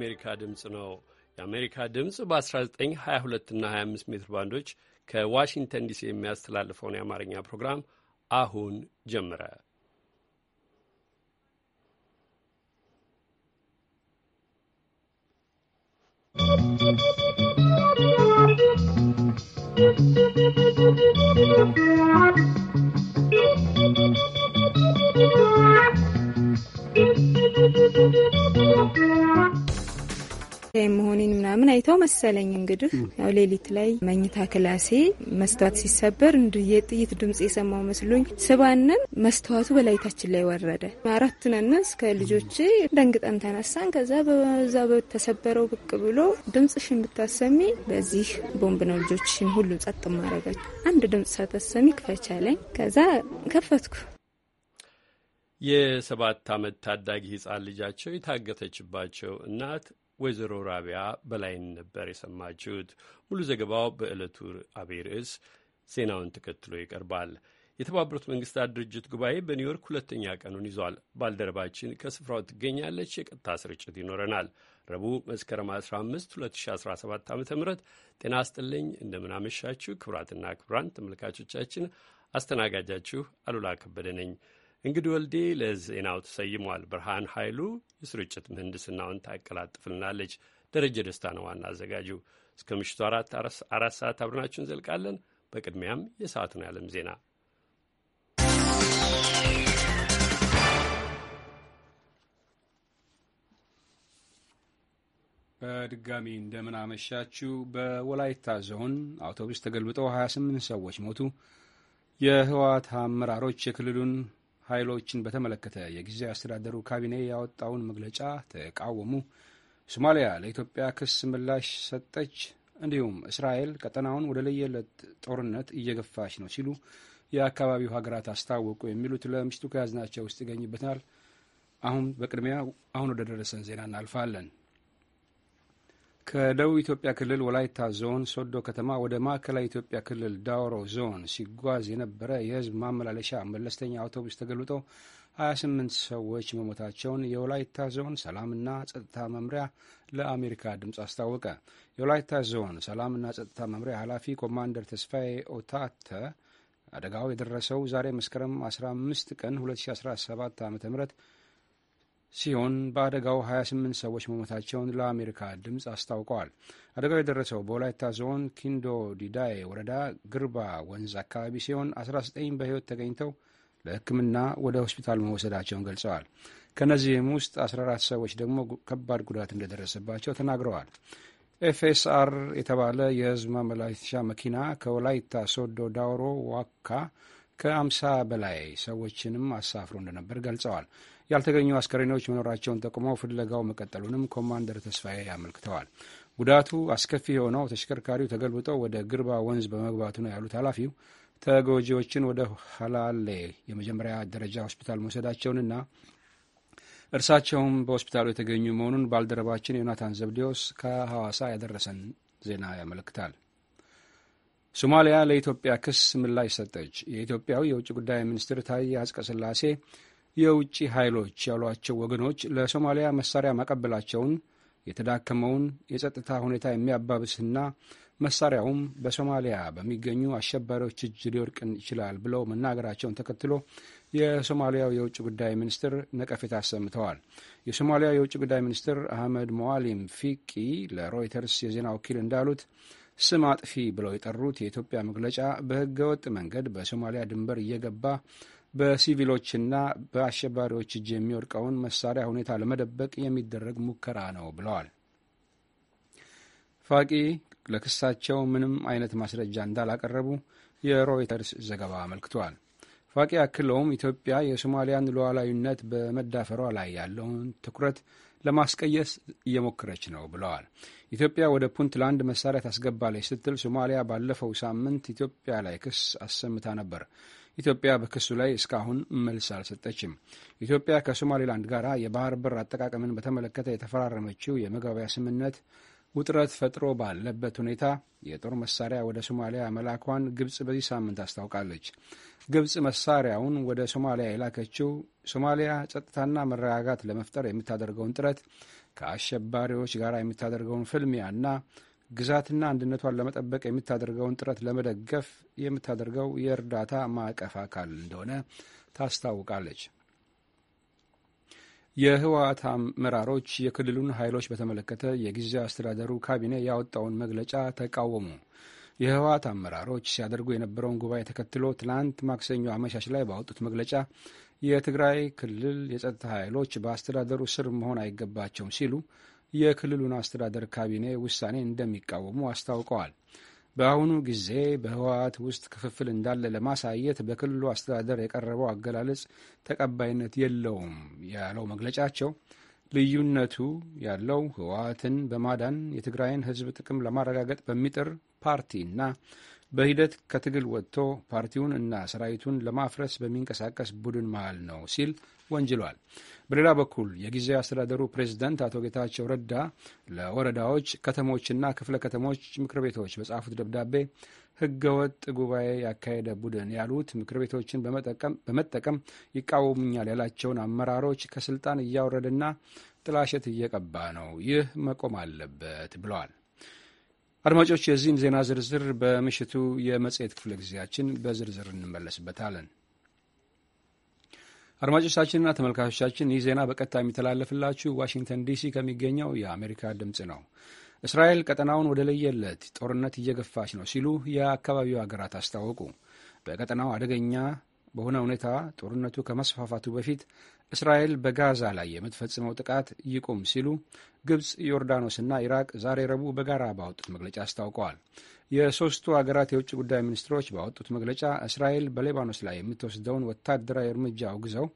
የአሜሪካ ድምፅ ነው። የአሜሪካ ድምፅ በ1922 እና 25 ሜትር ባንዶች ከዋሽንግተን ዲሲ የሚያስተላልፈውን የአማርኛ ፕሮግራም አሁን ጀመረ። ¶¶ መሆኔን ምናምን አይተው መሰለኝ እንግዲህ ያው ሌሊት ላይ መኝታ ክላሴ መስተዋት ሲሰበር እንዲ የጥይት ድምጽ የሰማው መስሎኝ ስባንን መስተዋቱ በላይታችን ላይ ወረደ። አራት ነን እስከ ልጆች ደንግጠን ተነሳን። ከዛ በዛ በተሰበረው ብቅ ብሎ ድምጽሽን ብታሰሚ በዚህ ቦምብ ነው ልጆችን ሁሉ ጸጥ ማረጋች። አንድ ድምጽ ሳታሰሚ ክፈቻለኝ ከዛ ከፈትኩ። የሰባት ዓመት ታዳጊ ህፃን ልጃቸው የታገተችባቸው እናት ወይዘሮ ራቢያ በላይን ነበር የሰማችሁት። ሙሉ ዘገባው በዕለቱ አብይ ርዕስ ዜናውን ተከትሎ ይቀርባል። የተባበሩት መንግስታት ድርጅት ጉባኤ በኒውዮርክ ሁለተኛ ቀኑን ይዟል። ባልደረባችን ከስፍራው ትገኛለች። የቀጥታ ስርጭት ይኖረናል። ረቡዕ መስከረም 15 2017 ዓ ም ጤና አስጥልኝ። እንደምናመሻችሁ ክቡራትና ክቡራን ተመልካቾቻችን፣ አስተናጋጃችሁ አሉላ ከበደ ነኝ። እንግዲህ ወልዴ ለዜናው ተሰይሟል። ብርሃን ኃይሉ የስርጭት ምህንድስናውን ታቀላጥፍልናለች። ደረጀ ደስታ ነው ዋና አዘጋጁ። እስከ ምሽቱ አራት ሰዓት አብረናችሁ እንዘልቃለን። በቅድሚያም የሰዓቱን የዓለም ዜና በድጋሚ እንደምን አመሻችሁ። በወላይታ ዞን አውቶቡስ ተገልብጦ 28 ሰዎች ሞቱ። የህወሓት አመራሮች የክልሉን ኃይሎችን በተመለከተ የጊዜያዊ አስተዳደሩ ካቢኔ ያወጣውን መግለጫ ተቃወሙ፣ ሶማሊያ ለኢትዮጵያ ክስ ምላሽ ሰጠች፣ እንዲሁም እስራኤል ቀጠናውን ወደ ለየለት ጦርነት እየገፋች ነው ሲሉ የአካባቢው ሀገራት አስታወቁ የሚሉት ለምሽቱ ከያዝናቸው ውስጥ ይገኝበታል። አሁን በቅድሚያ አሁን ወደ ደረሰን ዜና እናልፋለን። ከደቡብ ኢትዮጵያ ክልል ወላይታ ዞን ሶዶ ከተማ ወደ ማዕከላዊ ኢትዮጵያ ክልል ዳውሮ ዞን ሲጓዝ የነበረ የህዝብ ማመላለሻ መለስተኛ አውቶቡስ ተገልብጦ 28 ሰዎች መሞታቸውን የወላይታ ዞን ሰላምና ጸጥታ መምሪያ ለአሜሪካ ድምፅ አስታወቀ። የወላይታ ዞን ሰላምና ጸጥታ መምሪያ ኃላፊ ኮማንደር ተስፋዬ ኦታተ አደጋው የደረሰው ዛሬ መስከረም 15 ቀን 2017 ዓ.ም ሲሆን በአደጋው 28 ሰዎች መሞታቸውን ለአሜሪካ ድምፅ አስታውቀዋል። አደጋው የደረሰው በወላይታ ዞን ኪንዶ ዲዳዬ ወረዳ ግርባ ወንዝ አካባቢ ሲሆን 19 በሕይወት ተገኝተው ለሕክምና ወደ ሆስፒታል መወሰዳቸውን ገልጸዋል። ከእነዚህም ውስጥ 14 ሰዎች ደግሞ ከባድ ጉዳት እንደደረሰባቸው ተናግረዋል። ኤፍኤስአር የተባለ የህዝብ ማመላለሻ መኪና ከወላይታ ሶዶ ዳውሮ ዋካ ከ50 በላይ ሰዎችንም አሳፍሮ እንደነበር ገልጸዋል። ያልተገኙ አስከሬኖች መኖራቸውን ጠቁመው ፍለጋው መቀጠሉንም ኮማንደር ተስፋዬ አመልክተዋል። ጉዳቱ አስከፊ የሆነው ተሽከርካሪው ተገልብጦ ወደ ግርባ ወንዝ በመግባቱ ነው ያሉት ኃላፊው ተጎጂዎችን ወደ ሀላሌ የመጀመሪያ ደረጃ ሆስፒታል መውሰዳቸውንና እርሳቸውም በሆስፒታሉ የተገኙ መሆኑን ባልደረባችን ዮናታን ዘብዴዎስ ከሐዋሳ ያደረሰን ዜና ያመለክታል። ሶማሊያ ለኢትዮጵያ ክስ ምላሽ ሰጠች። የኢትዮጵያው የውጭ ጉዳይ ሚኒስትር ታዬ ስላሴ የውጭ ኃይሎች ያሏቸው ወገኖች ለሶማሊያ መሳሪያ ማቀበላቸውን የተዳከመውን የጸጥታ ሁኔታ የሚያባብስና መሳሪያውም በሶማሊያ በሚገኙ አሸባሪዎች እጅ ሊወድቅን ይችላል ብለው መናገራቸውን ተከትሎ የሶማሊያው የውጭ ጉዳይ ሚኒስትር ነቀፌታ አሰምተዋል። የሶማሊያው የውጭ ጉዳይ ሚኒስትር አህመድ ሞዋሊም ፊቂ ለሮይተርስ የዜና ወኪል እንዳሉት ስም አጥፊ ብለው የጠሩት የኢትዮጵያ መግለጫ በህገወጥ መንገድ በሶማሊያ ድንበር እየገባ በሲቪሎችና በአሸባሪዎች እጅ የሚወድቀውን መሳሪያ ሁኔታ ለመደበቅ የሚደረግ ሙከራ ነው ብለዋል። ፋቂ ለክሳቸው ምንም አይነት ማስረጃ እንዳላቀረቡ የሮይተርስ ዘገባ አመልክቷል። ፋቂ አክለውም ኢትዮጵያ የሶማሊያን ሉዓላዊነት በመዳፈሯ ላይ ያለውን ትኩረት ለማስቀየስ እየሞከረች ነው ብለዋል። ኢትዮጵያ ወደ ፑንትላንድ መሳሪያ ታስገባለች ስትል ሶማሊያ ባለፈው ሳምንት ኢትዮጵያ ላይ ክስ አሰምታ ነበር። ኢትዮጵያ በክሱ ላይ እስካሁን መልስ አልሰጠችም። ኢትዮጵያ ከሶማሌላንድ ጋር የባህር በር አጠቃቀምን በተመለከተ የተፈራረመችው የመግባቢያ ስምምነት ውጥረት ፈጥሮ ባለበት ሁኔታ የጦር መሳሪያ ወደ ሶማሊያ መላኳን ግብጽ በዚህ ሳምንት አስታውቃለች። ግብጽ መሳሪያውን ወደ ሶማሊያ የላከችው ሶማሊያ ጸጥታና መረጋጋት ለመፍጠር የምታደርገውን ጥረት ከአሸባሪዎች ጋር የምታደርገውን ፍልሚያና ግዛትና አንድነቷን ለመጠበቅ የምታደርገውን ጥረት ለመደገፍ የምታደርገው የእርዳታ ማዕቀፍ አካል እንደሆነ ታስታውቃለች። የህወሓት አመራሮች የክልሉን ኃይሎች በተመለከተ የጊዜያዊ አስተዳደሩ ካቢኔ ያወጣውን መግለጫ ተቃወሙ። የህወሓት አመራሮች ሲያደርጉ የነበረውን ጉባኤ ተከትሎ ትናንት ማክሰኞ አመሻሽ ላይ ባወጡት መግለጫ የትግራይ ክልል የጸጥታ ኃይሎች በአስተዳደሩ ስር መሆን አይገባቸውም ሲሉ የክልሉን አስተዳደር ካቢኔ ውሳኔ እንደሚቃወሙ አስታውቀዋል። በአሁኑ ጊዜ በህወሀት ውስጥ ክፍፍል እንዳለ ለማሳየት በክልሉ አስተዳደር የቀረበው አገላለጽ ተቀባይነት የለውም ያለው መግለጫቸው ልዩነቱ ያለው ህወሀትን በማዳን የትግራይን ህዝብ ጥቅም ለማረጋገጥ በሚጥር ፓርቲና በሂደት ከትግል ወጥቶ ፓርቲውን እና ሰራዊቱን ለማፍረስ በሚንቀሳቀስ ቡድን መሃል ነው ሲል ወንጅሏል። በሌላ በኩል የጊዜያዊ አስተዳደሩ ፕሬዝደንት አቶ ጌታቸው ረዳ ለወረዳዎች፣ ከተሞችና ክፍለ ከተሞች ምክር ቤቶች በጻፉት ደብዳቤ ህገወጥ ጉባኤ ያካሄደ ቡድን ያሉት ምክር ቤቶችን በመጠቀም ይቃወሙኛል ያላቸውን አመራሮች ከስልጣን እያወረደና ጥላሸት እየቀባ ነው። ይህ መቆም አለበት ብለዋል። አድማጮች፣ የዚህን ዜና ዝርዝር በምሽቱ የመጽሔት ክፍለ ጊዜያችን በዝርዝር እንመለስበታለን። አድማጮቻችንና ተመልካቾቻችን ይህ ዜና በቀጥታ የሚተላለፍላችሁ ዋሽንግተን ዲሲ ከሚገኘው የአሜሪካ ድምፅ ነው። እስራኤል ቀጠናውን ወደ ለየለት ጦርነት እየገፋች ነው ሲሉ የአካባቢው ሀገራት አስታወቁ። በቀጠናው አደገኛ በሆነ ሁኔታ ጦርነቱ ከመስፋፋቱ በፊት እስራኤል በጋዛ ላይ የምትፈጽመው ጥቃት ይቁም ሲሉ ግብፅ፣ ዮርዳኖስና ኢራቅ ዛሬ ረቡዕ በጋራ ባወጡት መግለጫ አስታውቀዋል። የሶስቱ አገራት የውጭ ጉዳይ ሚኒስትሮች ባወጡት መግለጫ እስራኤል በሌባኖስ ላይ የምትወስደውን ወታደራዊ እርምጃ አውግዘው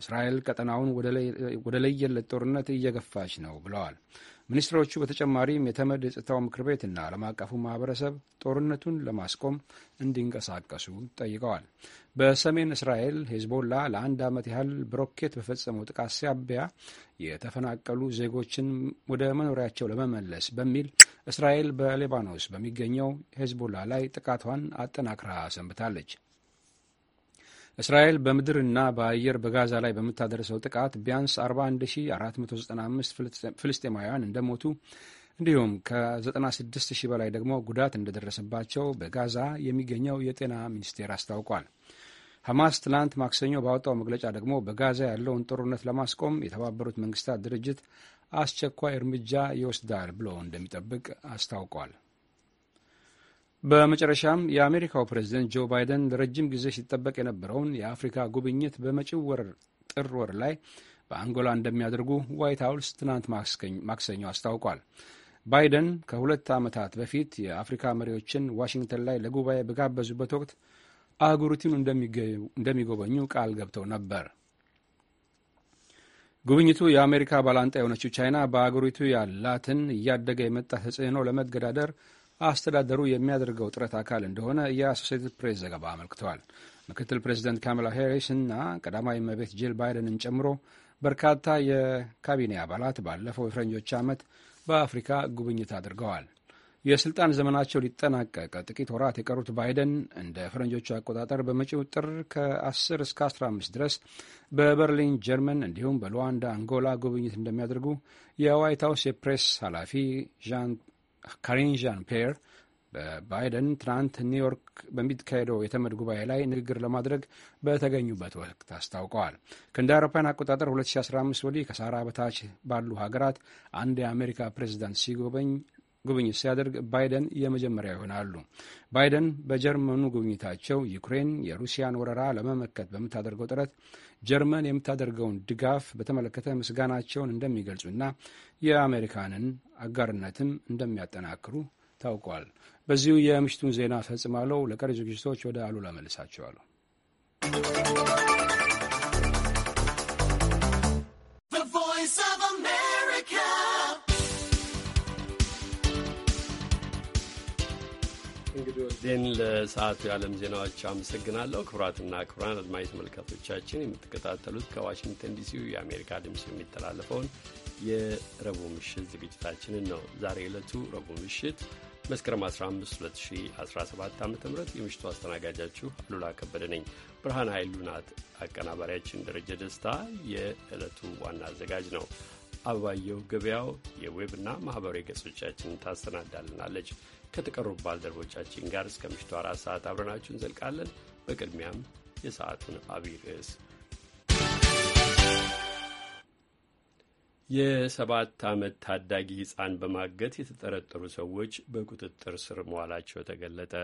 እስራኤል ቀጠናውን ወደ ለየለት ጦርነት እየገፋች ነው ብለዋል። ሚኒስትሮቹ በተጨማሪም የተመድ የጸጥታው ምክር ቤትና ዓለም አቀፉ ማህበረሰብ ጦርነቱን ለማስቆም እንዲንቀሳቀሱ ጠይቀዋል። በሰሜን እስራኤል ሄዝቦላ ለአንድ ዓመት ያህል በሮኬት በፈጸመው ጥቃት ሳቢያ የተፈናቀሉ ዜጎችን ወደ መኖሪያቸው ለመመለስ በሚል እስራኤል በሊባኖስ በሚገኘው ሄዝቦላ ላይ ጥቃቷን አጠናክራ ሰንብታለች። እስራኤል በምድርና በአየር በጋዛ ላይ በምታደርሰው ጥቃት ቢያንስ 41495 ፍልስጤማውያን እንደሞቱ እንዲሁም ከ96000 በላይ ደግሞ ጉዳት እንደደረሰባቸው በጋዛ የሚገኘው የጤና ሚኒስቴር አስታውቋል። ሐማስ ትላንት ማክሰኞ ባወጣው መግለጫ ደግሞ በጋዛ ያለውን ጦርነት ለማስቆም የተባበሩት መንግስታት ድርጅት አስቸኳይ እርምጃ ይወስዳል ብሎ እንደሚጠብቅ አስታውቋል። በመጨረሻም የአሜሪካው ፕሬዝደንት ጆ ባይደን ለረጅም ጊዜ ሲጠበቅ የነበረውን የአፍሪካ ጉብኝት በመጪው ወር ጥር ወር ላይ በአንጎላ እንደሚያደርጉ ዋይት ሀውስ ትናንት ማክሰኞ አስታውቋል። ባይደን ከሁለት ዓመታት በፊት የአፍሪካ መሪዎችን ዋሽንግተን ላይ ለጉባኤ በጋበዙበት ወቅት አህጉሪቱን እንደሚጎበኙ ቃል ገብተው ነበር። ጉብኝቱ የአሜሪካ ባላንጣ የሆነችው ቻይና በአገሪቱ ያላትን እያደገ የመጣ ተጽዕኖ ለመገዳደር አስተዳደሩ የሚያደርገው ጥረት አካል እንደሆነ የአሶሴትድ ፕሬስ ዘገባ አመልክተዋል። ምክትል ፕሬዚደንት ካማላ ሄሪስ እና ቀዳማዊ እመቤት ጂል ባይደንን ጨምሮ በርካታ የካቢኔ አባላት ባለፈው የፈረንጆች ዓመት በአፍሪካ ጉብኝት አድርገዋል። የስልጣን ዘመናቸው ሊጠናቀቅ ጥቂት ወራት የቀሩት ባይደን እንደ ፈረንጆቹ አቆጣጠር በመጪው ጥር ከ10 እስከ 15 ድረስ በበርሊን ጀርመን፣ እንዲሁም በሉዋንዳ አንጎላ ጉብኝት እንደሚያደርጉ የዋይት ሀውስ የፕሬስ ኃላፊ ካሪን ዣን ፔር በባይደን ትናንት ኒውዮርክ በሚካሄደው የተመድ ጉባኤ ላይ ንግግር ለማድረግ በተገኙበት ወቅት አስታውቀዋል። ከእንደ አውሮፓውያን አቆጣጠር 2015 ወዲህ ከሳራ በታች ባሉ ሀገራት አንድ የአሜሪካ ፕሬዚዳንት ሲጎበኝ ጉብኝት ሲያደርግ ባይደን የመጀመሪያ ይሆናሉ። ባይደን በጀርመኑ ጉብኝታቸው ዩክሬን የሩሲያን ወረራ ለመመከት በምታደርገው ጥረት ጀርመን የምታደርገውን ድጋፍ በተመለከተ ምስጋናቸውን እንደሚገልጹና የአሜሪካንን አጋርነትም እንደሚያጠናክሩ ታውቋል። በዚሁ የምሽቱን ዜና ፈጽማለሁ። ለቀሪ ዝግጅቶች ወደ አሉላ መልሳቸዋለሁ። እንግዲህ ለሰዓቱ የዓለም ዜናዎች አመሰግናለሁ። ክቡራትና ክቡራን አድማጭ ተመልካቾቻችን የምትከታተሉት ከዋሽንግተን ዲሲው የአሜሪካ ድምፅ የሚተላለፈውን የረቡዕ ምሽት ዝግጅታችንን ነው። ዛሬ ዕለቱ ረቡዕ ምሽት መስከረም 15 2017 ዓ ም የምሽቱ አስተናጋጃችሁ አሉላ ከበደ ነኝ። ብርሃን ኃይሉ ናት አቀናባሪያችን። ደረጀ ደስታ የዕለቱ ዋና አዘጋጅ ነው። አበባየሁ ገበያው የዌብና ማኅበራዊ ገጾቻችንን ታሰናዳልናለች። ከተቀሩ ባልደረቦቻችን ጋር እስከ ምሽቱ አራት ሰዓት አብረናችሁ እንዘልቃለን። በቅድሚያም የሰዓቱን አብይ ርዕስ የሰባት ዓመት ታዳጊ ሕፃን በማገት የተጠረጠሩ ሰዎች በቁጥጥር ስር መዋላቸው ተገለጠ።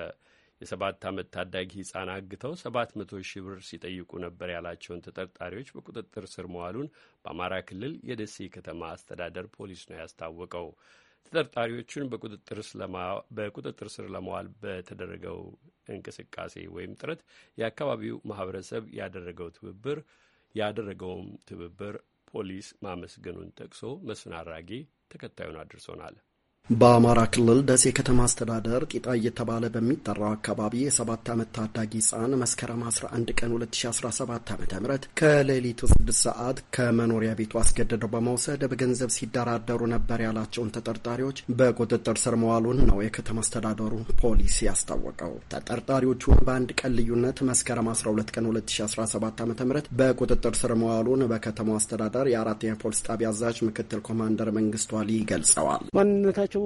የሰባት ዓመት ታዳጊ ሕፃን አግተው ሰባት መቶ ሺህ ብር ሲጠይቁ ነበር ያላቸውን ተጠርጣሪዎች በቁጥጥር ስር መዋሉን በአማራ ክልል የደሴ ከተማ አስተዳደር ፖሊስ ነው ያስታወቀው። ተጠርጣሪዎቹን በቁጥጥር ስር ለማዋል በተደረገው እንቅስቃሴ ወይም ጥረት የአካባቢው ማህበረሰብ ያደረገው ትብብር ያደረገውም ትብብር ፖሊስ ማመስገኑን ጠቅሶ መስፍን አራጌ ተከታዩን አድርሶናል። በአማራ ክልል ደሴ ከተማ አስተዳደር ቂጣ እየተባለ በሚጠራው አካባቢ የሰባት ዓመት ታዳጊ ህፃን መስከረም 11 ቀን 2017 ዓ.ም ከሌሊቱ 6 ሰዓት ከመኖሪያ ቤቱ አስገድደው በመውሰድ በገንዘብ ሲደራደሩ ነበር ያላቸውን ተጠርጣሪዎች በቁጥጥር ስር መዋሉን ነው የከተማ አስተዳደሩ ፖሊስ ያስታወቀው። ተጠርጣሪዎቹን በአንድ ቀን ልዩነት መስከረም 12 ቀን 2017 ዓ.ም በቁጥጥር ስር መዋሉን በከተማው አስተዳደር የአራተኛ ፖሊስ ጣቢያ አዛዥ ምክትል ኮማንደር መንግስቱ አሊ ገልጸዋል።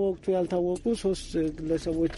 ወቅቱ ያልታወቁ ሶስት ግለሰቦች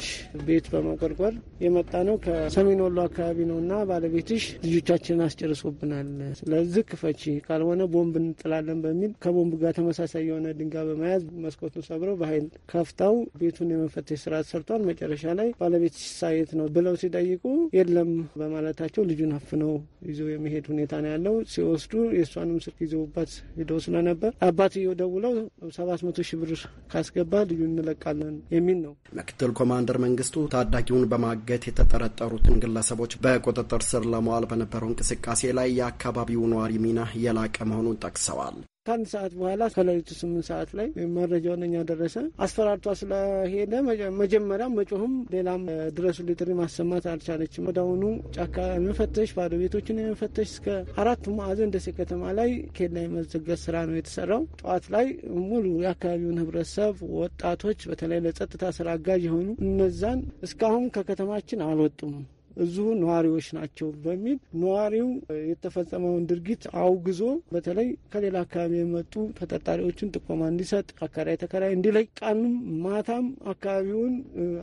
ቤት በመቆርቆር የመጣ ነው። ከሰሜን ወሎ አካባቢ ነው እና ባለቤትሽ ልጆቻችንን አስጨርሶብናል፣ ስለዚህ ክፈቺ፣ ካልሆነ ቦምብ እንጥላለን በሚል ከቦምብ ጋር ተመሳሳይ የሆነ ድንጋይ በመያዝ መስኮቱን ሰብረው በኃይል ከፍተው ቤቱን የመፈተሽ ስርዓት ሰርቷል። መጨረሻ ላይ ባለቤትሽ ሳየት ነው ብለው ሲጠይቁ የለም በማለታቸው ልጁን አፍነው ይዞ የመሄድ ሁኔታ ነው ያለው። ሲወስዱ የእሷንም ስልክ ይዘውባት ሂደው ስለነበር አባትየው ደውለው ሰባት መቶ ሺህ ብር ካስገባ ቪዲዮ እንለቃለን የሚል ነው። ምክትል ኮማንደር መንግስቱ ታዳጊውን በማገት የተጠረጠሩትን ግለሰቦች በቁጥጥር ስር ለመዋል በነበረው እንቅስቃሴ ላይ የአካባቢው ነዋሪ ሚና የላቀ መሆኑን ጠቅሰዋል። ከአንድ ሰዓት በኋላ ከሌሊቱ ስምንት ሰዓት ላይ መረጃውን እኛ ደረሰ። አስፈራርቷ ስለሄደ መጀመሪያ መጮህም ሌላም ድረሱ ጥሪ ማሰማት አልቻለችም። ወደአሁኑ ጫካ የመፈተሽ ባዶ ቤቶችን የመፈተሽ እስከ አራት ማዕዘን ደሴ ከተማ ላይ ኬላ የመዘጋት ስራ ነው የተሰራው። ጠዋት ላይ ሙሉ የአካባቢውን ህብረተሰብ ወጣቶች፣ በተለይ ለጸጥታ ስራ አጋዥ የሆኑ እነዛን እስካሁን ከከተማችን አልወጡም። እዚሁ ነዋሪዎች ናቸው በሚል ነዋሪው የተፈጸመውን ድርጊት አውግዞ በተለይ ከሌላ አካባቢ የመጡ ተጠርጣሪዎችን ጥቆማ እንዲሰጥ አከራይ ተከራይ እንዲለይ ቀንም ማታም አካባቢውን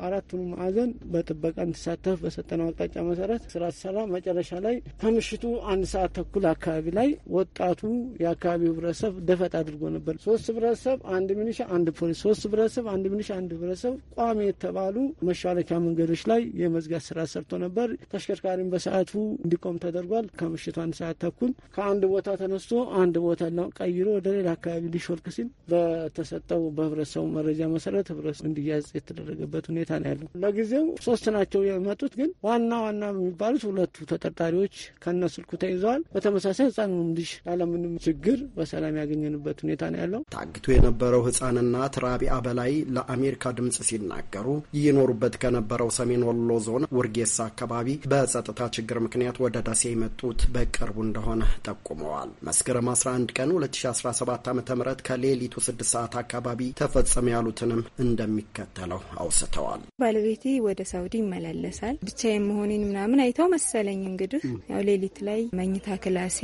አራቱን ማዕዘን በጥበቃ እንዲሳተፍ በሰጠነው አቅጣጫ መሰረት ስራ ሰራ። መጨረሻ ላይ ከምሽቱ አንድ ሰዓት ተኩል አካባቢ ላይ ወጣቱ የአካባቢው ህብረተሰብ ደፈጥ አድርጎ ነበር። ሶስት ህብረተሰብ፣ አንድ ሚኒሻ፣ አንድ ፖሊስ፣ ሶስት ህብረተሰብ፣ አንድ ሚኒሻ፣ አንድ ህብረተሰብ ቋሚ የተባሉ መሻለኪያ መንገዶች ላይ የመዝጋት ስራ ሰርቶ ነበር። ነበር። ተሽከርካሪም በሰዓቱ እንዲቆም ተደርጓል። ከምሽቱ አንድ ሰዓት ተኩል ከአንድ ቦታ ተነስቶ አንድ ቦታ ቀይሮ ወደ ሌላ አካባቢ ሊሾልክ ሲል በተሰጠው በህብረተሰቡ መረጃ መሰረት ህብረተሰቡ እንዲያዝ የተደረገበት ሁኔታ ነው ያለው። ለጊዜው ሶስት ናቸው የመጡት፣ ግን ዋና ዋና የሚባሉት ሁለቱ ተጠርጣሪዎች ከነ ስልኩ ተይዘዋል። በተመሳሳይ ህጻኑም ልጅ ያለምንም ችግር በሰላም ያገኘንበት ሁኔታ ነው ያለው። ታግቶ የነበረው ህጻንና ትራቢያ በላይ ለአሜሪካ ድምጽ ሲናገሩ ይኖሩበት ከነበረው ሰሜን ወሎ ዞን ውርጌሳ አካባቢ አካባቢ በጸጥታ ችግር ምክንያት ወደ ደሴ የመጡት በቅርቡ እንደሆነ ጠቁመዋል። መስከረም 11 ቀን 2017 ዓ ም ከሌሊቱ 6 ሰዓት አካባቢ ተፈጸመ ያሉትንም እንደሚከተለው አውስተዋል። ባለቤቴ ወደ ሳውዲ ይመላለሳል። ብቻዬን መሆኔን ምናምን አይተው መሰለኝ እንግዲህ ያው ሌሊት ላይ መኝታ ክላሴ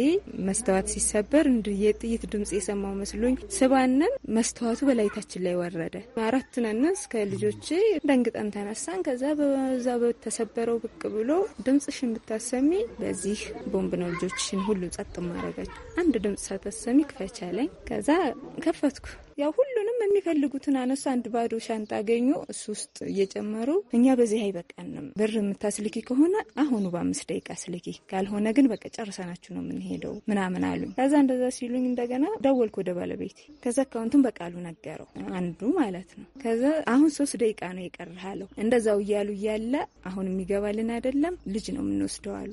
መስተዋት ሲሰበር እንዲ የጥይት ድምጽ የሰማው መስሎኝ ስባነን መስተዋቱ በላይታችን ላይ ወረደ። አራት ነን እስከ ልጆቼ ደንግጠን ተነሳን። ከዛ በዛ በተሰበረው ብቅ ብሎ ድምፅሽን ብታሰሚ በዚህ ቦምብ ነው ልጆችሽን ሁሉ ጸጥ ማረጋቸው። አንድ ድምፅ ሳታሰሚ ክፈቻለኝ። ከዛ ከፈትኩ። ያው ሁሉንም የሚፈልጉትን አነሱ። አንድ ባዶ ሻንጣ አገኙ። እሱ ውስጥ እየጨመሩ እኛ በዚህ አይበቃንም፣ ብር የምታስልኪ ከሆነ አሁኑ በአምስት ደቂቃ ስልኪ፣ ካልሆነ ግን በቃ ጨርሰናችሁ ነው የምንሄደው ምናምን አሉኝ። ከዛ እንደዛ ሲሉኝ እንደገና ደወልኩ ወደ ባለቤት ከዛ አካውንቱን በቃሉ ነገረው አንዱ ማለት ነው። ከዛ አሁን ሶስት ደቂቃ ነው የቀረሃለው። እንደዛው እያሉ እያለ አሁን የሚገባልን አይደለም ልጅ ነው የምንወስደው አሉ።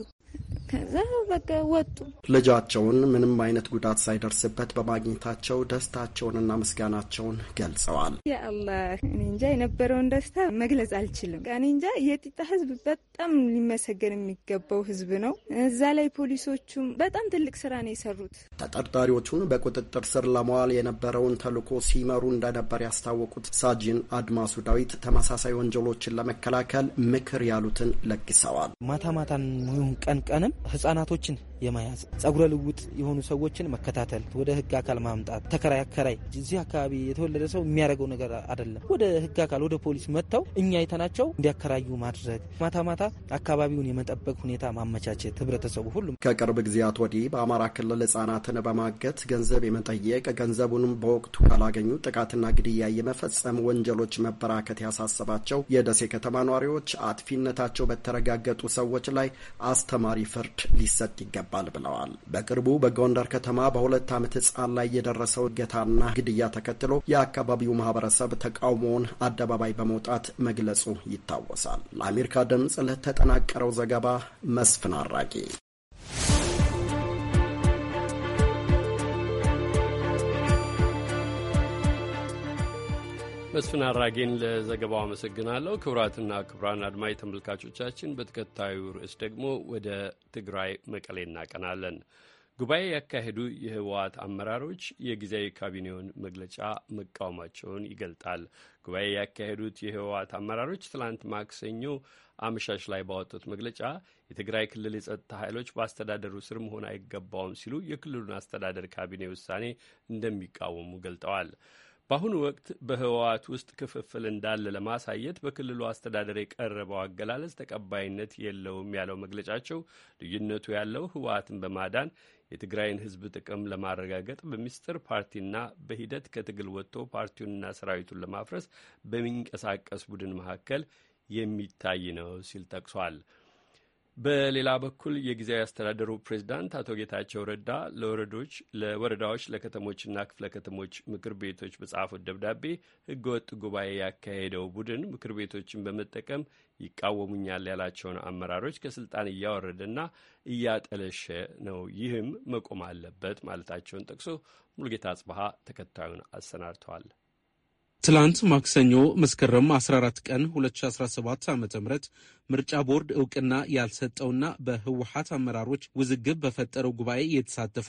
ከዛ በቃ ወጡ። ልጃቸውን ምንም አይነት ጉዳት ሳይደርስበት በማግኘታቸው ደስታቸውንና ምስጋናቸውን ገልጸዋል። የአላህ እኔ እንጃ የነበረውን ደስታ መግለጽ አልችልም። እኔ እንጃ የጢጣ ህዝብ በጣም ሊመሰገን የሚገባው ህዝብ ነው። እዛ ላይ ፖሊሶቹም በጣም ትልቅ ስራ ነው የሰሩት። ተጠርጣሪዎቹን በቁጥጥር ስር ለመዋል የነበረውን ተልዕኮ ሲመሩ እንደነበር ያስታወቁት ሳጅን አድማሱ ዳዊት ተመሳሳይ ወንጀሎችን ለመከላከል ምክር ያሉትን ለግሰዋል። ማታ ማታን ቀን ቀንም ህጻናቶችን የመያዝ ጸጉረ ልውጥ የሆኑ ሰዎችን መከታተል፣ ወደ ህግ አካል ማምጣት፣ ተከራይ አከራይ እዚህ አካባቢ የተወለደ ሰው የሚያደርገው ነገር አይደለም። ወደ ህግ አካል ወደ ፖሊስ መጥተው እኛ የተናቸው እንዲያከራዩ ማድረግ፣ ማታ ማታ አካባቢውን የመጠበቅ ሁኔታ ማመቻቸት፣ ህብረተሰቡ ሁሉም ከቅርብ ጊዜያት ወዲህ በአማራ ክልል ህጻናትን በማገት ገንዘብ የመጠየቅ ገንዘቡንም በወቅቱ ካላገኙ ጥቃትና ግድያ የመፈጸም ወንጀሎች መበራከት ያሳሰባቸው የደሴ ከተማ ነዋሪዎች አጥፊነታቸው በተረጋገጡ ሰዎች ላይ አስተማ ተጨማሪ ፍርድ ሊሰጥ ይገባል ብለዋል። በቅርቡ በጎንደር ከተማ በሁለት ዓመት ህፃን ላይ የደረሰው እገታና ግድያ ተከትሎ የአካባቢው ማህበረሰብ ተቃውሞውን አደባባይ በመውጣት መግለጹ ይታወሳል። ለአሜሪካ ድምፅ ለተጠናቀረው ዘገባ መስፍን አራቂ መስፍን አራጌን ለዘገባው አመሰግናለሁ። ክቡራትና ክቡራን አድማጭ ተመልካቾቻችን በተከታዩ ርዕስ ደግሞ ወደ ትግራይ መቀሌ እናቀናለን። ጉባኤ ያካሄዱ የህወሓት አመራሮች የጊዜያዊ ካቢኔውን መግለጫ መቃወማቸውን ይገልጣል። ጉባኤ ያካሄዱት የህወሓት አመራሮች ትላንት ማክሰኞ አመሻሽ ላይ ባወጡት መግለጫ የትግራይ ክልል የጸጥታ ኃይሎች በአስተዳደሩ ስር መሆን አይገባውም ሲሉ የክልሉን አስተዳደር ካቢኔ ውሳኔ እንደሚቃወሙ ገልጠዋል። በአሁኑ ወቅት በህወሓት ውስጥ ክፍፍል እንዳለ ለማሳየት በክልሉ አስተዳደር የቀረበው አገላለጽ ተቀባይነት የለውም ያለው መግለጫቸው ልዩነቱ ያለው ህወሓትን በማዳን የትግራይን ህዝብ ጥቅም ለማረጋገጥ በሚስጥር ፓርቲና በሂደት ከትግል ወጥቶ ፓርቲውንና ሰራዊቱን ለማፍረስ በሚንቀሳቀስ ቡድን መካከል የሚታይ ነው ሲል ጠቅሷል። በሌላ በኩል የጊዜያዊ አስተዳደሩ ፕሬዚዳንት አቶ ጌታቸው ረዳ ለወረዶች ለወረዳዎች ለከተሞችና ክፍለ ከተሞች ምክር ቤቶች በጻፉት ደብዳቤ ህገወጥ ጉባኤ ያካሄደው ቡድን ምክር ቤቶችን በመጠቀም ይቃወሙኛል ያላቸውን አመራሮች ከስልጣን እያወረደና እያጠለሸ ነው፣ ይህም መቆም አለበት ማለታቸውን ጠቅሶ ሙልጌታ አጽበሀ ተከታዩን አሰናድተዋል። ትላንት ማክሰኞ መስከረም 14 ቀን 2017 ዓ ም ምርጫ ቦርድ እውቅና ያልሰጠውና በህወሀት አመራሮች ውዝግብ በፈጠረው ጉባኤ የተሳተፉ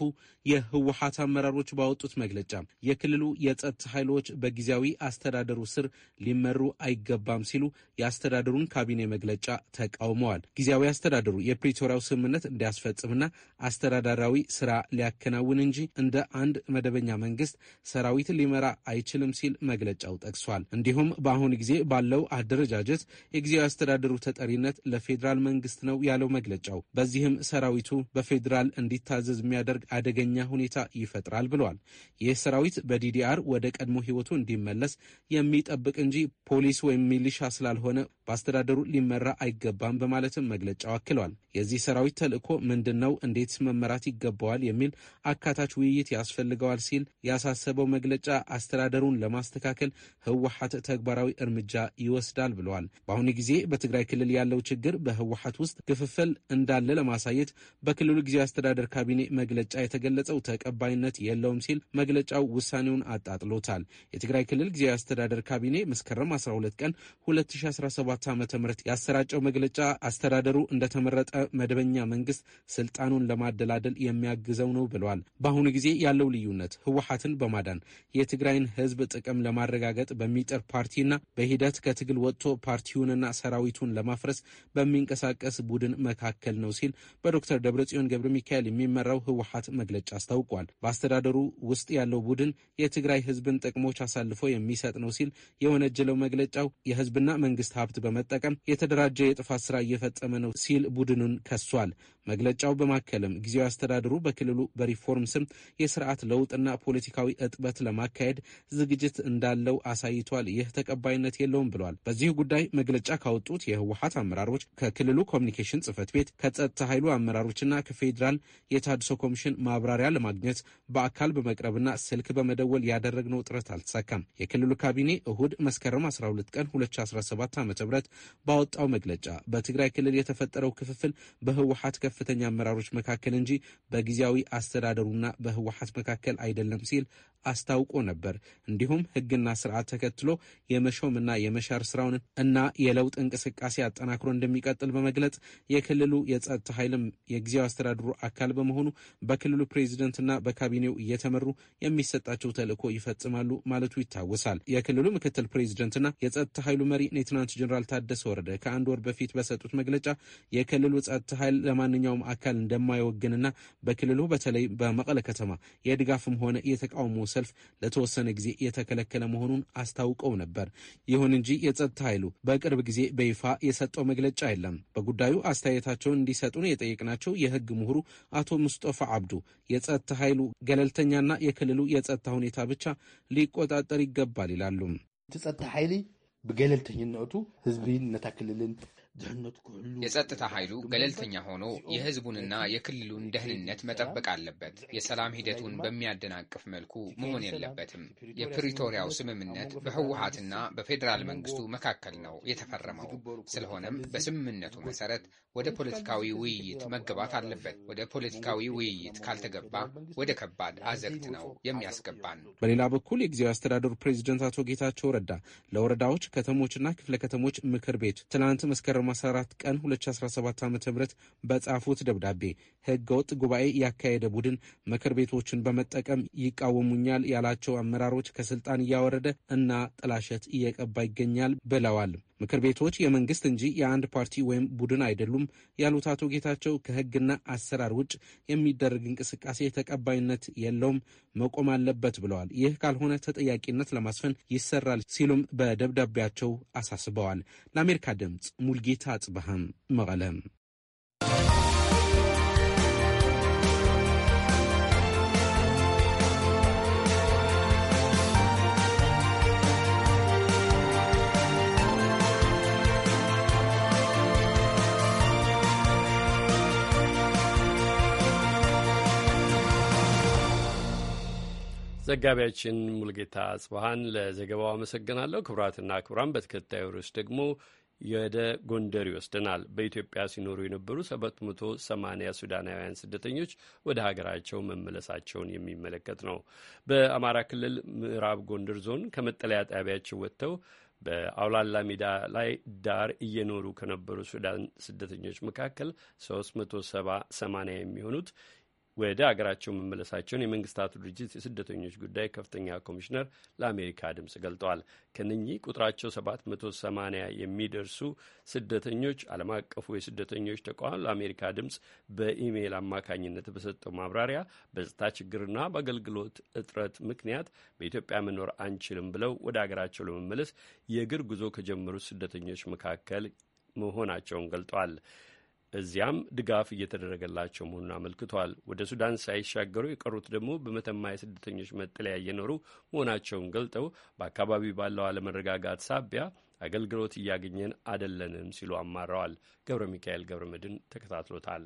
የህወሀት አመራሮች ባወጡት መግለጫ የክልሉ የጸጥታ ኃይሎች በጊዜያዊ አስተዳደሩ ስር ሊመሩ አይገባም ሲሉ የአስተዳደሩን ካቢኔ መግለጫ ተቃውመዋል። ጊዜያዊ አስተዳደሩ የፕሪቶሪያው ስምምነት እንዲያስፈጽምና አስተዳደራዊ ስራ ሊያከናውን እንጂ እንደ አንድ መደበኛ መንግስት ሰራዊት ሊመራ አይችልም ሲል መግለጫ መግለጫው ጠቅሷል። እንዲሁም በአሁኑ ጊዜ ባለው አደረጃጀት የጊዜያዊ አስተዳደሩ ተጠሪነት ለፌዴራል መንግስት ነው ያለው መግለጫው። በዚህም ሰራዊቱ በፌዴራል እንዲታዘዝ የሚያደርግ አደገኛ ሁኔታ ይፈጥራል ብሏል። ይህ ሰራዊት በዲዲአር ወደ ቀድሞ ህይወቱ እንዲመለስ የሚጠብቅ እንጂ ፖሊስ ወይም ሚሊሻ ስላልሆነ በአስተዳደሩ ሊመራ አይገባም በማለትም መግለጫው አክሏል። የዚህ ሰራዊት ተልእኮ ምንድን ነው? እንዴት መመራት ይገባዋል? የሚል አካታች ውይይት ያስፈልገዋል ሲል ያሳሰበው መግለጫ አስተዳደሩን ለማስተካከል ለመከላከል ህወሀት ተግባራዊ እርምጃ ይወስዳል ብለዋል። በአሁኑ ጊዜ በትግራይ ክልል ያለው ችግር በህወሀት ውስጥ ክፍፍል እንዳለ ለማሳየት በክልሉ ጊዜ አስተዳደር ካቢኔ መግለጫ የተገለጸው ተቀባይነት የለውም ሲል መግለጫው ውሳኔውን አጣጥሎታል። የትግራይ ክልል ጊዜ አስተዳደር ካቢኔ መስከረም 12 ቀን 2017 ዓ ም ያሰራጨው መግለጫ አስተዳደሩ እንደተመረጠ መደበኛ መንግስት ስልጣኑን ለማደላደል የሚያግዘው ነው ብለዋል። በአሁኑ ጊዜ ያለው ልዩነት ህወሀትን በማዳን የትግራይን ህዝብ ጥቅም ለማድረግ ለማረጋገጥ በሚጥር ፓርቲና በሂደት ከትግል ወጥቶ ፓርቲውንና ሰራዊቱን ለማፍረስ በሚንቀሳቀስ ቡድን መካከል ነው ሲል በዶክተር ደብረጽዮን ገብረ ሚካኤል የሚመራው ህወሀት መግለጫ አስታውቋል። በአስተዳደሩ ውስጥ ያለው ቡድን የትግራይ ህዝብን ጥቅሞች አሳልፎ የሚሰጥ ነው ሲል የወነጀለው መግለጫው የህዝብና መንግስት ሀብት በመጠቀም የተደራጀ የጥፋት ስራ እየፈጸመ ነው ሲል ቡድኑን ከሷል። መግለጫው በማከልም ጊዜያዊ አስተዳደሩ በክልሉ በሪፎርም ስም የስርዓት ለውጥና ፖለቲካዊ እጥበት ለማካሄድ ዝግጅት እንዳለ እንዳለው አሳይቷል። ይህ ተቀባይነት የለውም ብለዋል። በዚህ ጉዳይ መግለጫ ካወጡት የህወሀት አመራሮች፣ ከክልሉ ኮሚኒኬሽን ጽህፈት ቤት፣ ከጸጥታ ኃይሉ አመራሮችና ከፌዴራል የታድሶ ኮሚሽን ማብራሪያ ለማግኘት በአካል በመቅረብና ስልክ በመደወል ያደረግነው ጥረት አልተሳካም። የክልሉ ካቢኔ እሁድ መስከረም 12 ቀን 2017 ዓ ም ባወጣው መግለጫ በትግራይ ክልል የተፈጠረው ክፍፍል በህወሀት ከፍተኛ አመራሮች መካከል እንጂ በጊዜያዊ አስተዳደሩና በህወሀት መካከል አይደለም ሲል አስታውቆ ነበር። እንዲሁም ህግና ስርዓት ተከትሎ የመሾምና የመሻር ስራውን እና የለውጥ እንቅስቃሴ አጠናክሮ እንደሚቀጥል በመግለጽ የክልሉ የጸጥታ ኃይልም የጊዜው አስተዳድሩ አካል በመሆኑ በክልሉ ፕሬዚደንትና በካቢኔው እየተመሩ የሚሰጣቸው ተልዕኮ ይፈጽማሉ ማለቱ ይታወሳል። የክልሉ ምክትል ፕሬዚደንትና የጸጥታ ኃይሉ መሪ ሌትናንት ጀኔራል ታደሰ ወረደ ከአንድ ወር በፊት በሰጡት መግለጫ የክልሉ ጸጥታ ኃይል ለማንኛውም አካል እንደማይወግንና በክልሉ በተለይ በመቀለ ከተማ የድጋፍም ሆነ የተቃውሞ ሰልፍ ለተወሰነ ጊዜ የተከለከለ መሆኑ መሆኑን አስታውቀው ነበር። ይሁን እንጂ የጸጥታ ኃይሉ በቅርብ ጊዜ በይፋ የሰጠው መግለጫ የለም። በጉዳዩ አስተያየታቸውን እንዲሰጡን የጠየቅናቸው የህግ ምሁሩ አቶ ሙስጦፋ አብዱ የጸጥታ ኃይሉ ገለልተኛና የክልሉ የጸጥታ ሁኔታ ብቻ ሊቆጣጠር ይገባል ይላሉ። እቲ ጸጥታ ኃይሊ ብገለልተኝነቱ ህዝቢ ነታ ክልልን የጸጥታ ኃይሉ ገለልተኛ ሆኖ የህዝቡንና የክልሉን ደህንነት መጠበቅ አለበት። የሰላም ሂደቱን በሚያደናቅፍ መልኩ መሆን የለበትም። የፕሪቶሪያው ስምምነት በህወሀትና በፌዴራል መንግስቱ መካከል ነው የተፈረመው። ስለሆነም በስምምነቱ መሰረት ወደ ፖለቲካዊ ውይይት መገባት አለበት። ወደ ፖለቲካዊ ውይይት ካልተገባ ወደ ከባድ አዘቅት ነው የሚያስገባን። በሌላ በኩል የጊዜያዊ አስተዳደሩ ፕሬዚደንት አቶ ጌታቸው ረዳ ለወረዳዎች ከተሞችና ክፍለ ከተሞች ምክር ቤት ትናንት መስከረም ታህሳስ 4 ቀን 2017 ዓ ም በጻፉት ደብዳቤ ህገ ወጥ ጉባኤ ያካሄደ ቡድን ምክር ቤቶችን በመጠቀም ይቃወሙኛል ያላቸው አመራሮች ከስልጣን እያወረደ እና ጥላሸት እየቀባ ይገኛል ብለዋል። ምክር ቤቶች የመንግስት እንጂ የአንድ ፓርቲ ወይም ቡድን አይደሉም ያሉት አቶ ጌታቸው ከህግና አሰራር ውጭ የሚደረግ እንቅስቃሴ ተቀባይነት የለውም፣ መቆም አለበት ብለዋል። ይህ ካልሆነ ተጠያቂነት ለማስፈን ይሰራል ሲሉም በደብዳቤያቸው አሳስበዋል። ለአሜሪካ ድምፅ ሙልጌታ አጽበሃም መቀለም ዘጋቢያችን ሙልጌታ ጽብሃን ለዘገባው አመሰግናለሁ። ክቡራትና ክቡራን፣ በተከታዩ ርዕስ ደግሞ ወደ ጎንደር ይወስደናል። በኢትዮጵያ ሲኖሩ የነበሩ 780 ሱዳናውያን ስደተኞች ወደ ሀገራቸው መመለሳቸውን የሚመለከት ነው። በአማራ ክልል ምዕራብ ጎንደር ዞን ከመጠለያ ጣቢያቸው ወጥተው በአውላላ ሜዳ ላይ ዳር እየኖሩ ከነበሩ ሱዳን ስደተኞች መካከል 378 የሚሆኑት ወደ አገራቸው መመለሳቸውን የመንግስታቱ ድርጅት የስደተኞች ጉዳይ ከፍተኛ ኮሚሽነር ለአሜሪካ ድምፅ ገልጠዋል። ከነኚህ ቁጥራቸው 780 የሚደርሱ ስደተኞች ዓለም አቀፉ የስደተኞች ተቋም ለአሜሪካ ድምፅ በኢሜይል አማካኝነት በሰጠው ማብራሪያ በጸጥታ ችግርና በአገልግሎት እጥረት ምክንያት በኢትዮጵያ መኖር አንችልም ብለው ወደ አገራቸው ለመመለስ የእግር ጉዞ ከጀመሩት ስደተኞች መካከል መሆናቸውን ገልጠዋል። እዚያም ድጋፍ እየተደረገላቸው መሆኑን አመልክቷል። ወደ ሱዳን ሳይሻገሩ የቀሩት ደግሞ በመተማ የስደተኞች መጠለያ እየኖሩ መሆናቸውን ገልጠው በአካባቢው ባለው አለመረጋጋት ሳቢያ አገልግሎት እያገኘን አይደለንም ሲሉ አማረዋል። ገብረ ሚካኤል ገብረ መድን ተከታትሎታል።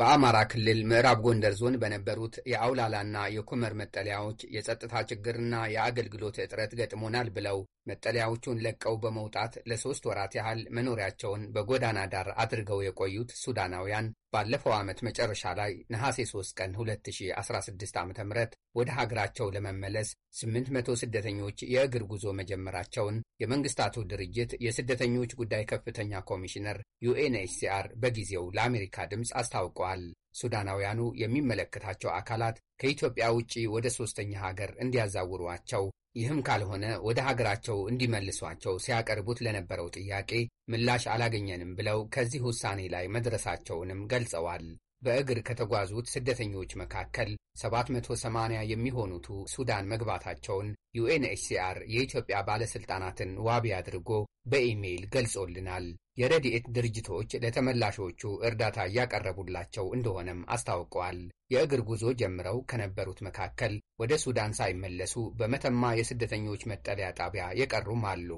በአማራ ክልል ምዕራብ ጎንደር ዞን በነበሩት የአውላላና የኩመር መጠለያዎች የጸጥታ ችግርና የአገልግሎት እጥረት ገጥሞናል ብለው መጠለያዎቹን ለቀው በመውጣት ለሶስት ወራት ያህል መኖሪያቸውን በጎዳና ዳር አድርገው የቆዩት ሱዳናውያን ባለፈው ዓመት መጨረሻ ላይ ነሐሴ 3 ቀን 2016 ዓ ም ወደ ሀገራቸው ለመመለስ 800 ስደተኞች የእግር ጉዞ መጀመራቸውን የመንግስታቱ ድርጅት የስደተኞች ጉዳይ ከፍተኛ ኮሚሽነር ዩኤንኤችሲአር በጊዜው ለአሜሪካ ድምፅ አስታውቀዋል። ሱዳናውያኑ የሚመለከታቸው አካላት ከኢትዮጵያ ውጪ ወደ ሦስተኛ ሀገር እንዲያዛውሯቸው ይህም ካልሆነ ወደ ሀገራቸው እንዲመልሷቸው ሲያቀርቡት ለነበረው ጥያቄ ምላሽ አላገኘንም ብለው ከዚህ ውሳኔ ላይ መድረሳቸውንም ገልጸዋል። በእግር ከተጓዙት ስደተኞች መካከል 780 የሚሆኑቱ ሱዳን መግባታቸውን ዩኤንኤችሲአር የኢትዮጵያ ባለሥልጣናትን ዋቢ አድርጎ በኢሜይል ገልጾልናል። የረድኤት ድርጅቶች ለተመላሾቹ እርዳታ እያቀረቡላቸው እንደሆነም አስታውቀዋል። የእግር ጉዞ ጀምረው ከነበሩት መካከል ወደ ሱዳን ሳይመለሱ በመተማ የስደተኞች መጠለያ ጣቢያ የቀሩም አሉ።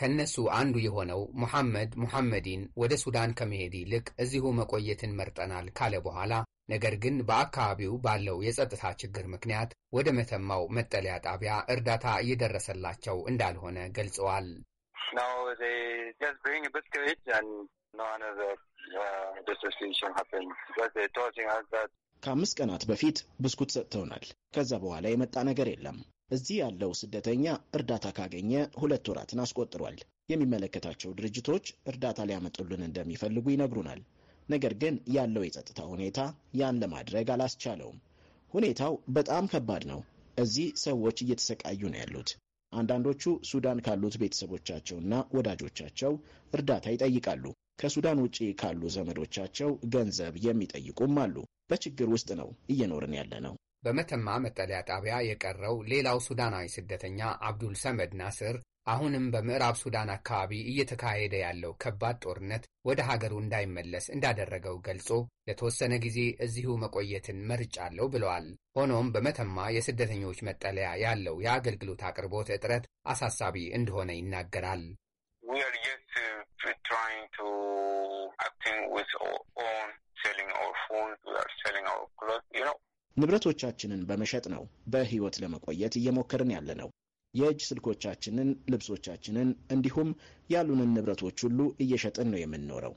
ከእነሱ አንዱ የሆነው ሙሐመድ ሙሐመዲን ወደ ሱዳን ከመሄድ ይልቅ እዚሁ መቆየትን መርጠናል ካለ በኋላ ነገር ግን በአካባቢው ባለው የጸጥታ ችግር ምክንያት ወደ መተማው መጠለያ ጣቢያ እርዳታ እየደረሰላቸው እንዳልሆነ ገልጸዋል። now they just bring biscuit and no another uh, dissociation happened. they're us that ከአምስት ቀናት በፊት ብስኩት ሰጥተውናል። ከዛ በኋላ የመጣ ነገር የለም። እዚህ ያለው ስደተኛ እርዳታ ካገኘ ሁለት ወራትን አስቆጥሯል። የሚመለከታቸው ድርጅቶች እርዳታ ሊያመጡልን እንደሚፈልጉ ይነግሩናል። ነገር ግን ያለው የጸጥታ ሁኔታ ያን ለማድረግ አላስቻለውም። ሁኔታው በጣም ከባድ ነው። እዚህ ሰዎች እየተሰቃዩ ነው ያሉት። አንዳንዶቹ ሱዳን ካሉት ቤተሰቦቻቸውና ወዳጆቻቸው እርዳታ ይጠይቃሉ። ከሱዳን ውጪ ካሉ ዘመዶቻቸው ገንዘብ የሚጠይቁም አሉ። በችግር ውስጥ ነው እየኖርን ያለ ነው። በመተማ መጠለያ ጣቢያ የቀረው ሌላው ሱዳናዊ ስደተኛ አብዱል ሰመድ ናስር አሁንም በምዕራብ ሱዳን አካባቢ እየተካሄደ ያለው ከባድ ጦርነት ወደ ሀገሩ እንዳይመለስ እንዳደረገው ገልጾ ለተወሰነ ጊዜ እዚሁ መቆየትን መርጫለሁ ብለዋል። ሆኖም በመተማ የስደተኞች መጠለያ ያለው የአገልግሎት አቅርቦት እጥረት አሳሳቢ እንደሆነ ይናገራል። uh, ንብረቶቻችንን በመሸጥ ነው በሕይወት ለመቆየት እየሞከርን ያለ ነው። የእጅ ስልኮቻችንን፣ ልብሶቻችንን እንዲሁም ያሉንን ንብረቶች ሁሉ እየሸጥን ነው የምንኖረው።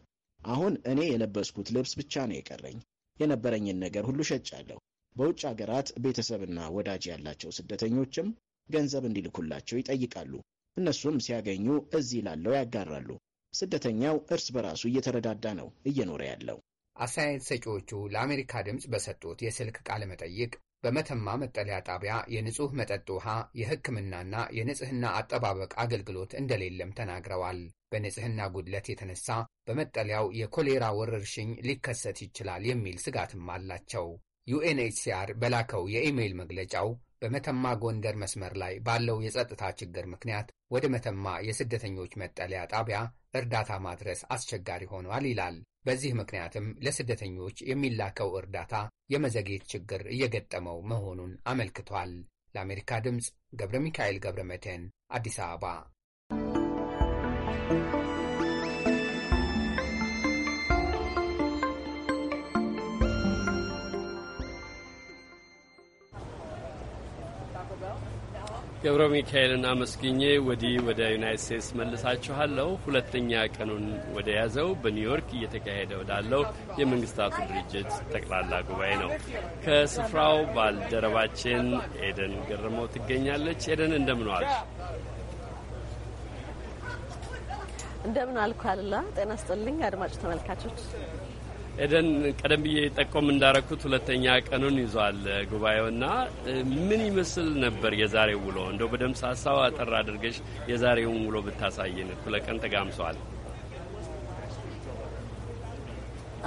አሁን እኔ የለበስኩት ልብስ ብቻ ነው የቀረኝ። የነበረኝን ነገር ሁሉ ሸጫለሁ። በውጭ አገራት ቤተሰብና ወዳጅ ያላቸው ስደተኞችም ገንዘብ እንዲልኩላቸው ይጠይቃሉ። እነሱም ሲያገኙ እዚህ ላለው ያጋራሉ። ስደተኛው እርስ በራሱ እየተረዳዳ ነው እየኖረ ያለው። አስተያየት ሰጪዎቹ ለአሜሪካ ድምፅ በሰጡት የስልክ ቃለ መጠይቅ በመተማ መጠለያ ጣቢያ የንጹህ መጠጥ ውሃ፣ የሕክምናና የንጽህና አጠባበቅ አገልግሎት እንደሌለም ተናግረዋል። በንጽህና ጉድለት የተነሳ በመጠለያው የኮሌራ ወረርሽኝ ሊከሰት ይችላል የሚል ስጋትም አላቸው። ዩኤንኤችሲአር በላከው የኢሜይል መግለጫው በመተማ ጎንደር መስመር ላይ ባለው የጸጥታ ችግር ምክንያት ወደ መተማ የስደተኞች መጠለያ ጣቢያ እርዳታ ማድረስ አስቸጋሪ ሆኗል ይላል። በዚህ ምክንያትም ለስደተኞች የሚላከው እርዳታ የመዘግየት ችግር እየገጠመው መሆኑን አመልክቷል። ለአሜሪካ ድምፅ ገብረ ሚካኤል ገብረ መድህን አዲስ አበባ ገብረ ሚካኤልን አመስግኜ ወዲህ ወደ ዩናይት ስቴትስ መልሳችኋለሁ። ሁለተኛ ቀኑን ወደ ያዘው በኒውዮርክ እየተካሄደ ወዳለው የመንግስታቱ ድርጅት ጠቅላላ ጉባኤ ነው። ከስፍራው ባልደረባችን ኤደን ገረመው ትገኛለች። ኤደን እንደምን እንደምን አልኩ አልላ ጤና ስጥልኝ አድማጭ ተመልካቾች ኤደን ቀደም ብዬ ጠቆም እንዳረኩት ሁለተኛ ቀኑን ይዟል ጉባኤውና፣ ምን ይመስል ነበር የዛሬው ውሎ? እንደው በደምሳሳው አጠር አድርገሽ የዛሬውን ውሎ ብታሳይን። እኩለ ቀን ተጋምሰዋል።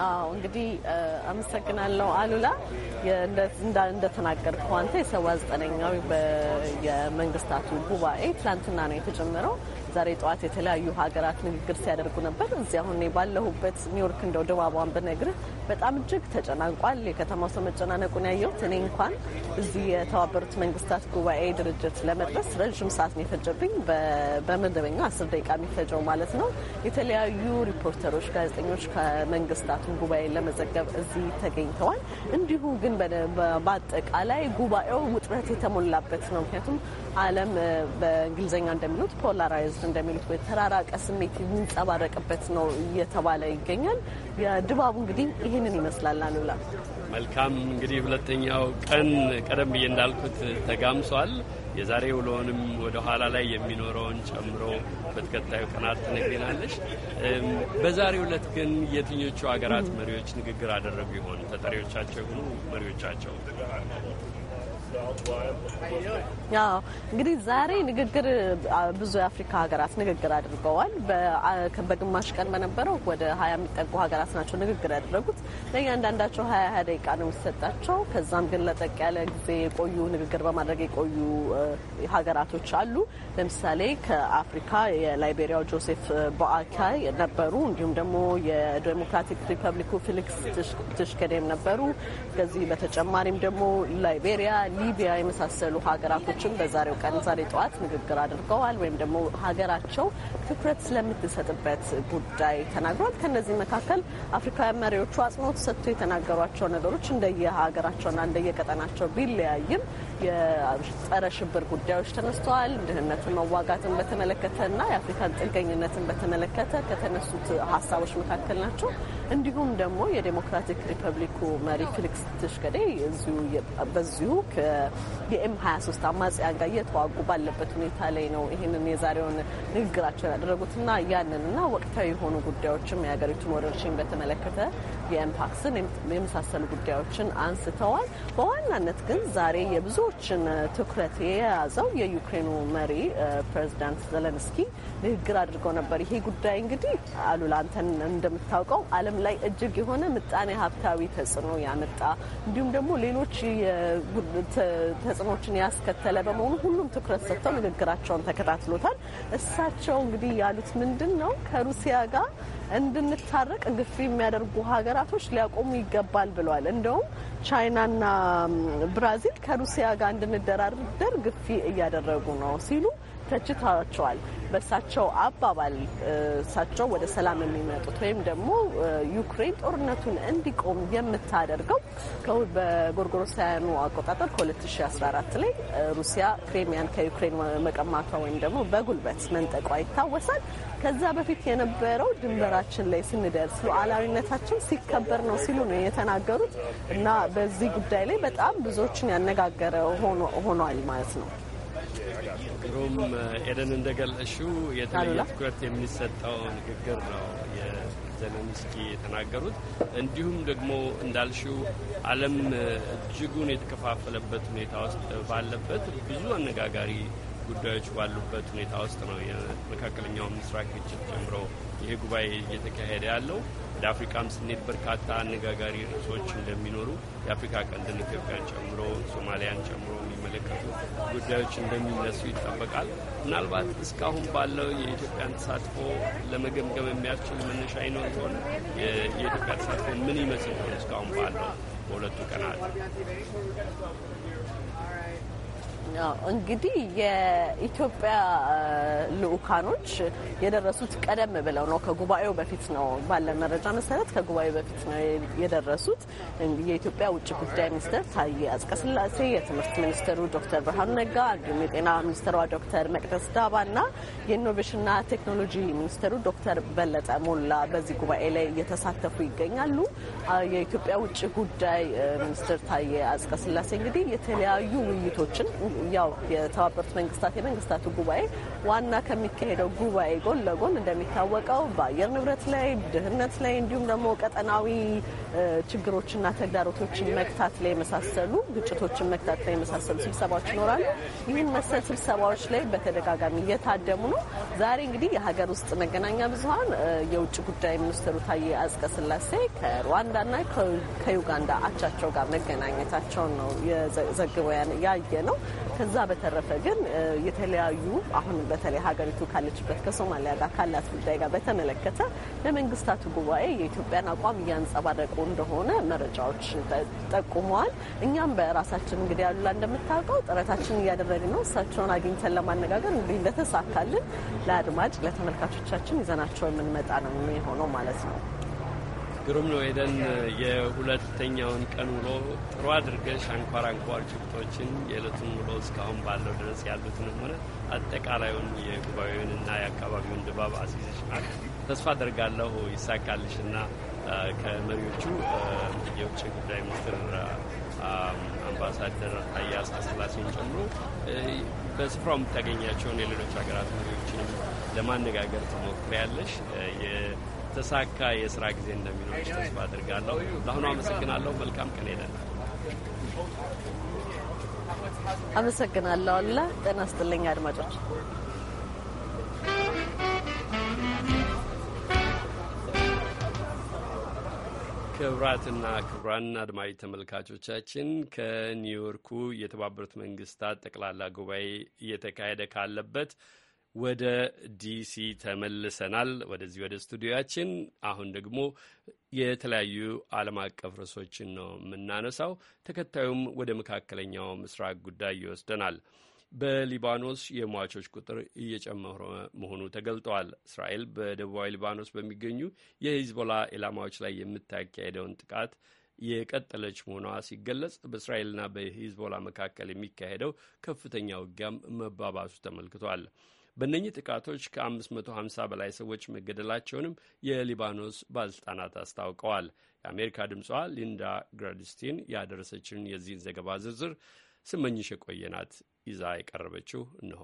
አዎ እንግዲህ አመሰግናለሁ አሉላ። እንደተናገርከው አንተ የሰባ ዘጠነኛው የመንግስታቱ ጉባኤ ትላንትና ነው የተጀመረው። ዛሬ ጠዋት የተለያዩ ሀገራት ንግግር ሲያደርጉ ነበር። እዚህ አሁን ባለሁበት ኒውዮርክ እንደው ድባቧን ብነግር በጣም እጅግ ተጨናንቋል። የከተማው ሰው መጨናነቁን ያየሁት እኔ እንኳን እዚህ የተባበሩት መንግስታት ጉባኤ ድርጅት ለመድረስ ረዥም ሰዓት ነው የፈጀብኝ። በመደበኛ አስር ደቂቃ የሚፈጀው ማለት ነው። የተለያዩ ሪፖርተሮች፣ ጋዜጠኞች ከመንግስታቱን ጉባኤ ለመዘገብ እዚህ ተገኝተዋል። እንዲሁ ግን በአጠቃላይ ጉባኤው ውጥረት የተሞላበት ነው። ምክንያቱም ዓለም በእንግሊዝኛ እንደሚሉት ፖላራይዝ እንደሚሉት የተራራቀ ስሜት የሚንጸባረቅበት ነው እየተባለ ይገኛል። የድባቡ እንግዲህ ይህንን ይመስላል። አሉላ መልካም። እንግዲህ ሁለተኛው ቀን ቀደም ብዬ እንዳልኩት ተጋምሷል። የዛሬ ውሎንም ወደ ኋላ ላይ የሚኖረውን ጨምሮ በተከታዩ ቀናት ትነግሪናለሽ። በዛሬ ዕለት ግን የትኞቹ ሀገራት መሪዎች ንግግር አደረጉ ይሆን? ተጠሪዎቻቸው ይሁኑ መሪዎቻቸው ያው እንግዲህ ዛሬ ንግግር ብዙ የአፍሪካ ሀገራት ንግግር አድርገዋል። በግማሽ ቀን በነበረው ወደ ሀያ የሚጠጉ ሀገራት ናቸው ንግግር ያደረጉት። ለእያንዳንዳቸው ሀያ ሀያ ደቂቃ ነው የሚሰጣቸው። ከዛም ግን ለጠቅ ያለ ጊዜ የቆዩ ንግግር በማድረግ የቆዩ ሀገራቶች አሉ። ለምሳሌ ከአፍሪካ የላይቤሪያው ጆሴፍ ቦአካ ነበሩ። እንዲሁም ደግሞ የዴሞክራቲክ ሪፐብሊኩ ፊሊክስ ትሽከዴም ነበሩ። ከዚህ በተጨማሪም ደግሞ ላይቤሪያ ሊቢያ የመሳሰሉ ሀገራቶችም በዛሬው ቀን ዛሬ ጠዋት ንግግር አድርገዋል ወይም ደግሞ ሀገራቸው ትኩረት ስለምትሰጥበት ጉዳይ ተናግሯል። ከነዚህ መካከል አፍሪካውያን መሪዎቹ አጽንኦት ሰጥቶ የተናገሯቸው ነገሮች እንደየሀገራቸውና እንደየቀጠናቸው ቢለያይም የጸረ ሽብር ጉዳዮች ተነስተዋል። ድህነትን መዋጋትን በተመለከተና የአፍሪካን ጥገኝነትን በተመለከተ ከተነሱት ሀሳቦች መካከል ናቸው። እንዲሁም ደግሞ የዴሞክራቲክ ሪፐብሊኩ መሪ ፌሊክስ ትሽከዴ በዚሁ የኤም 23 አማጽያን ጋር እየተዋጉ ባለበት ሁኔታ ላይ ነው ይህንን የዛሬውን ንግግራቸውን ያደረጉትና ያንንና ወቅታዊ የሆኑ ጉዳዮችም የሀገሪቱን ወረርሽኝ በተመለከተ የኤምፓክስን የመሳሰሉ ጉዳዮችን አንስተዋል። በዋናነት ግን ዛሬ የብዙዎችን ትኩረት የያዘው የዩክሬኑ መሪ ፕሬዚዳንት ዘለንስኪ ንግግር አድርገው ነበር። ይሄ ጉዳይ እንግዲህ አሉላ አንተን እንደምታውቀው ዓለም ላይ እጅግ የሆነ ምጣኔ ሀብታዊ ተጽዕኖ ያመጣ እንዲሁም ደግሞ ሌሎች ተጽዕኖችን ያስከተለ በመሆኑ ሁሉም ትኩረት ሰጥተው ንግግራቸውን ተከታትሎታል። እሳቸው እንግዲህ ያሉት ምንድን ነው ከሩሲያ ጋር እንድንታረቅ ግፊ የሚያደርጉ ሀገራቶች ሊያቆሙ ይገባል ብለዋል። እንደውም ቻይናና ብራዚል ከሩሲያ ጋር እንድንደራደር ግፊ እያደረጉ ነው ሲሉ ተችታቸዋል። በእሳቸው አባባል እሳቸው ወደ ሰላም የሚመጡት ወይም ደግሞ ዩክሬን ጦርነቱን እንዲቆም የምታደርገው በጎርጎሮሳውያኑ አቆጣጠር ከ2014 ላይ ሩሲያ ክሬሚያን ከዩክሬን መቀማቷ ወይም ደግሞ በጉልበት መንጠቋ ይታወሳል። ከዛ በፊት የነበረው ድንበራችን ላይ ስንደርስ ሉዓላዊነታችን ሲከበር ነው ሲሉ ነው የተናገሩት እና በዚህ ጉዳይ ላይ በጣም ብዙዎችን ያነጋገረ ሆኗል ማለት ነው። ግሩም ኤደን እንደገለሽው የተለየ ትኩረት የሚሰጠው ንግግር ነው የዘለንስኪ የተናገሩት። እንዲሁም ደግሞ እንዳልሽው ዓለም እጅጉን የተከፋፈለበት ሁኔታ ውስጥ ባለበት ብዙ አነጋጋሪ ጉዳዮች ባሉበት ሁኔታ ውስጥ ነው የመካከለኛው ምስራቅ ግጭት ጨምሮ ይሄ ጉባኤ እየተካሄደ ያለው። ወደ አፍሪካም ስንሄድ በርካታ አነጋጋሪ ርዕሶች እንደሚኖሩ የአፍሪካ ቀንድን ኢትዮጵያን ጨምሮ ሶማሊያን ጨምሮ የሚመለከቱ ጉዳዮች እንደሚነሱ ይጠበቃል። ምናልባት እስካሁን ባለው የኢትዮጵያን ተሳትፎ ለመገምገም የሚያስችል መነሻ ይኖር ይሆን? የኢትዮጵያ ተሳትፎ ምን ይመስል ይሆን እስካሁን ባለው በሁለቱ ቀናት? እንግዲህ የኢትዮጵያ ልኡካኖች የደረሱት ቀደም ብለው ነው። ከጉባኤው በፊት ነው፣ ባለ መረጃ መሰረት ከጉባኤው በፊት ነው የደረሱት። የኢትዮጵያ ውጭ ጉዳይ ሚኒስትር ታዬ አጽቀሥላሴ፣ የትምህርት ሚኒስትሩ ዶክተር ብርሃኑ ነጋ እንዲሁም የጤና ሚኒስትሯ ዶክተር መቅደስ ዳባ እና የኢኖቬሽንና ቴክኖሎጂ ሚኒስትሩ ዶክተር በለጠ ሞላ በዚህ ጉባኤ ላይ እየተሳተፉ ይገኛሉ። የኢትዮጵያ ውጭ ጉዳይ ሚኒስትር ታዬ አጽቀሥላሴ እንግዲህ የተለያዩ ውይይቶችን ያው የተባበሩት መንግስታት የመንግስታቱ ጉባኤ ዋና ከሚካሄደው ጉባኤ ጎን ለጎን እንደሚታወቀው በአየር ንብረት ላይ፣ ድህነት ላይ እንዲሁም ደግሞ ቀጠናዊ ችግሮችና ተግዳሮቶችን መግታት ላይ የመሳሰሉ ግጭቶችን መግታት ላይ የመሳሰሉ ስብሰባዎች ይኖራሉ። ይህን መሰል ስብሰባዎች ላይ በተደጋጋሚ እየታደሙ ነው። ዛሬ እንግዲህ የሀገር ውስጥ መገናኛ ብዙሀን የውጭ ጉዳይ ሚኒስትሩ ታዬ አጽቀሥላሴ ከሩዋንዳና ከዩጋንዳ አቻቸው ጋር መገናኘታቸውን ነው ዘግበው ያየ ነው። ከዛ በተረፈ ግን የተለያዩ አሁን በተለይ ሀገሪቱ ካለችበት ከሶማሊያ ጋር ካላት ጉዳይ ጋር በተመለከተ ለመንግስታቱ ጉባኤ የኢትዮጵያን አቋም እያንጸባረቁ እንደሆነ መረጃዎች ጠቁመዋል። እኛም በራሳችን እንግዲህ ያሉላ እንደምታውቀው ጥረታችን እያደረግን ነው። እሳቸውን አግኝተን ለማነጋገር እንግዲህ እንደተሳካልን ለአድማጭ ለተመልካቾቻችን ይዘናቸው የምንመጣ ነው የሆነው ማለት ነው። ግሩም ነው። ኤደን የሁለተኛውን ቀን ውሎ ጥሩ አድርገሽ አንኳር አንኳር ጭብጦችን የዕለቱን ውሎ እስካሁን ባለው ድረስ ያሉትንም ሆነ አጠቃላዩን የጉባኤውንና የአካባቢውን ድባብ አስይዘሽናል። ተስፋ አደርጋለሁ ይሳካልሽና ከመሪዎቹ የውጭ ጉዳይ ሚኒስትር አምባሳደር ታዬ አጽቀሥላሴን ጨምሮ በስፍራው የምታገኛቸውን የሌሎች ሀገራት መሪዎችንም ለማነጋገር ትሞክሪያለሽ። የተሳካ የስራ ጊዜ እንደሚኖር ተስፋ አድርጋለሁ። ለአሁኑ አመሰግናለሁ። መልካም ቀን ይለናል። አመሰግናለሁ። አላ ጤና ይስጥልኝ አድማጮች። ክብራትና ክብራን አድማጭ ተመልካቾቻችን ከኒውዮርኩ የተባበሩት መንግስታት ጠቅላላ ጉባኤ እየተካሄደ ካለበት ወደ ዲሲ ተመልሰናል፣ ወደዚህ ወደ ስቱዲዮያችን። አሁን ደግሞ የተለያዩ ዓለም አቀፍ ርዕሶችን ነው የምናነሳው። ተከታዩም ወደ መካከለኛው ምስራቅ ጉዳይ ይወስደናል። በሊባኖስ የሟቾች ቁጥር እየጨመረ መሆኑ ተገልጠዋል። እስራኤል በደቡባዊ ሊባኖስ በሚገኙ የሂዝቦላ ኢላማዎች ላይ የምታካሄደውን ጥቃት የቀጠለች መሆኗ ሲገለጽ በእስራኤልና በሂዝቦላ መካከል የሚካሄደው ከፍተኛ ውጊያም መባባሱ ተመልክቷል። በእነኚህ ጥቃቶች ከ550 በላይ ሰዎች መገደላቸውንም የሊባኖስ ባለሥልጣናት አስታውቀዋል። የአሜሪካ ድምጿ ሊንዳ ግራድስቲን ያደረሰችን የዚህን ዘገባ ዝርዝር ስመኝሽ የቆየናት ይዛ የቀረበችው እንሆ።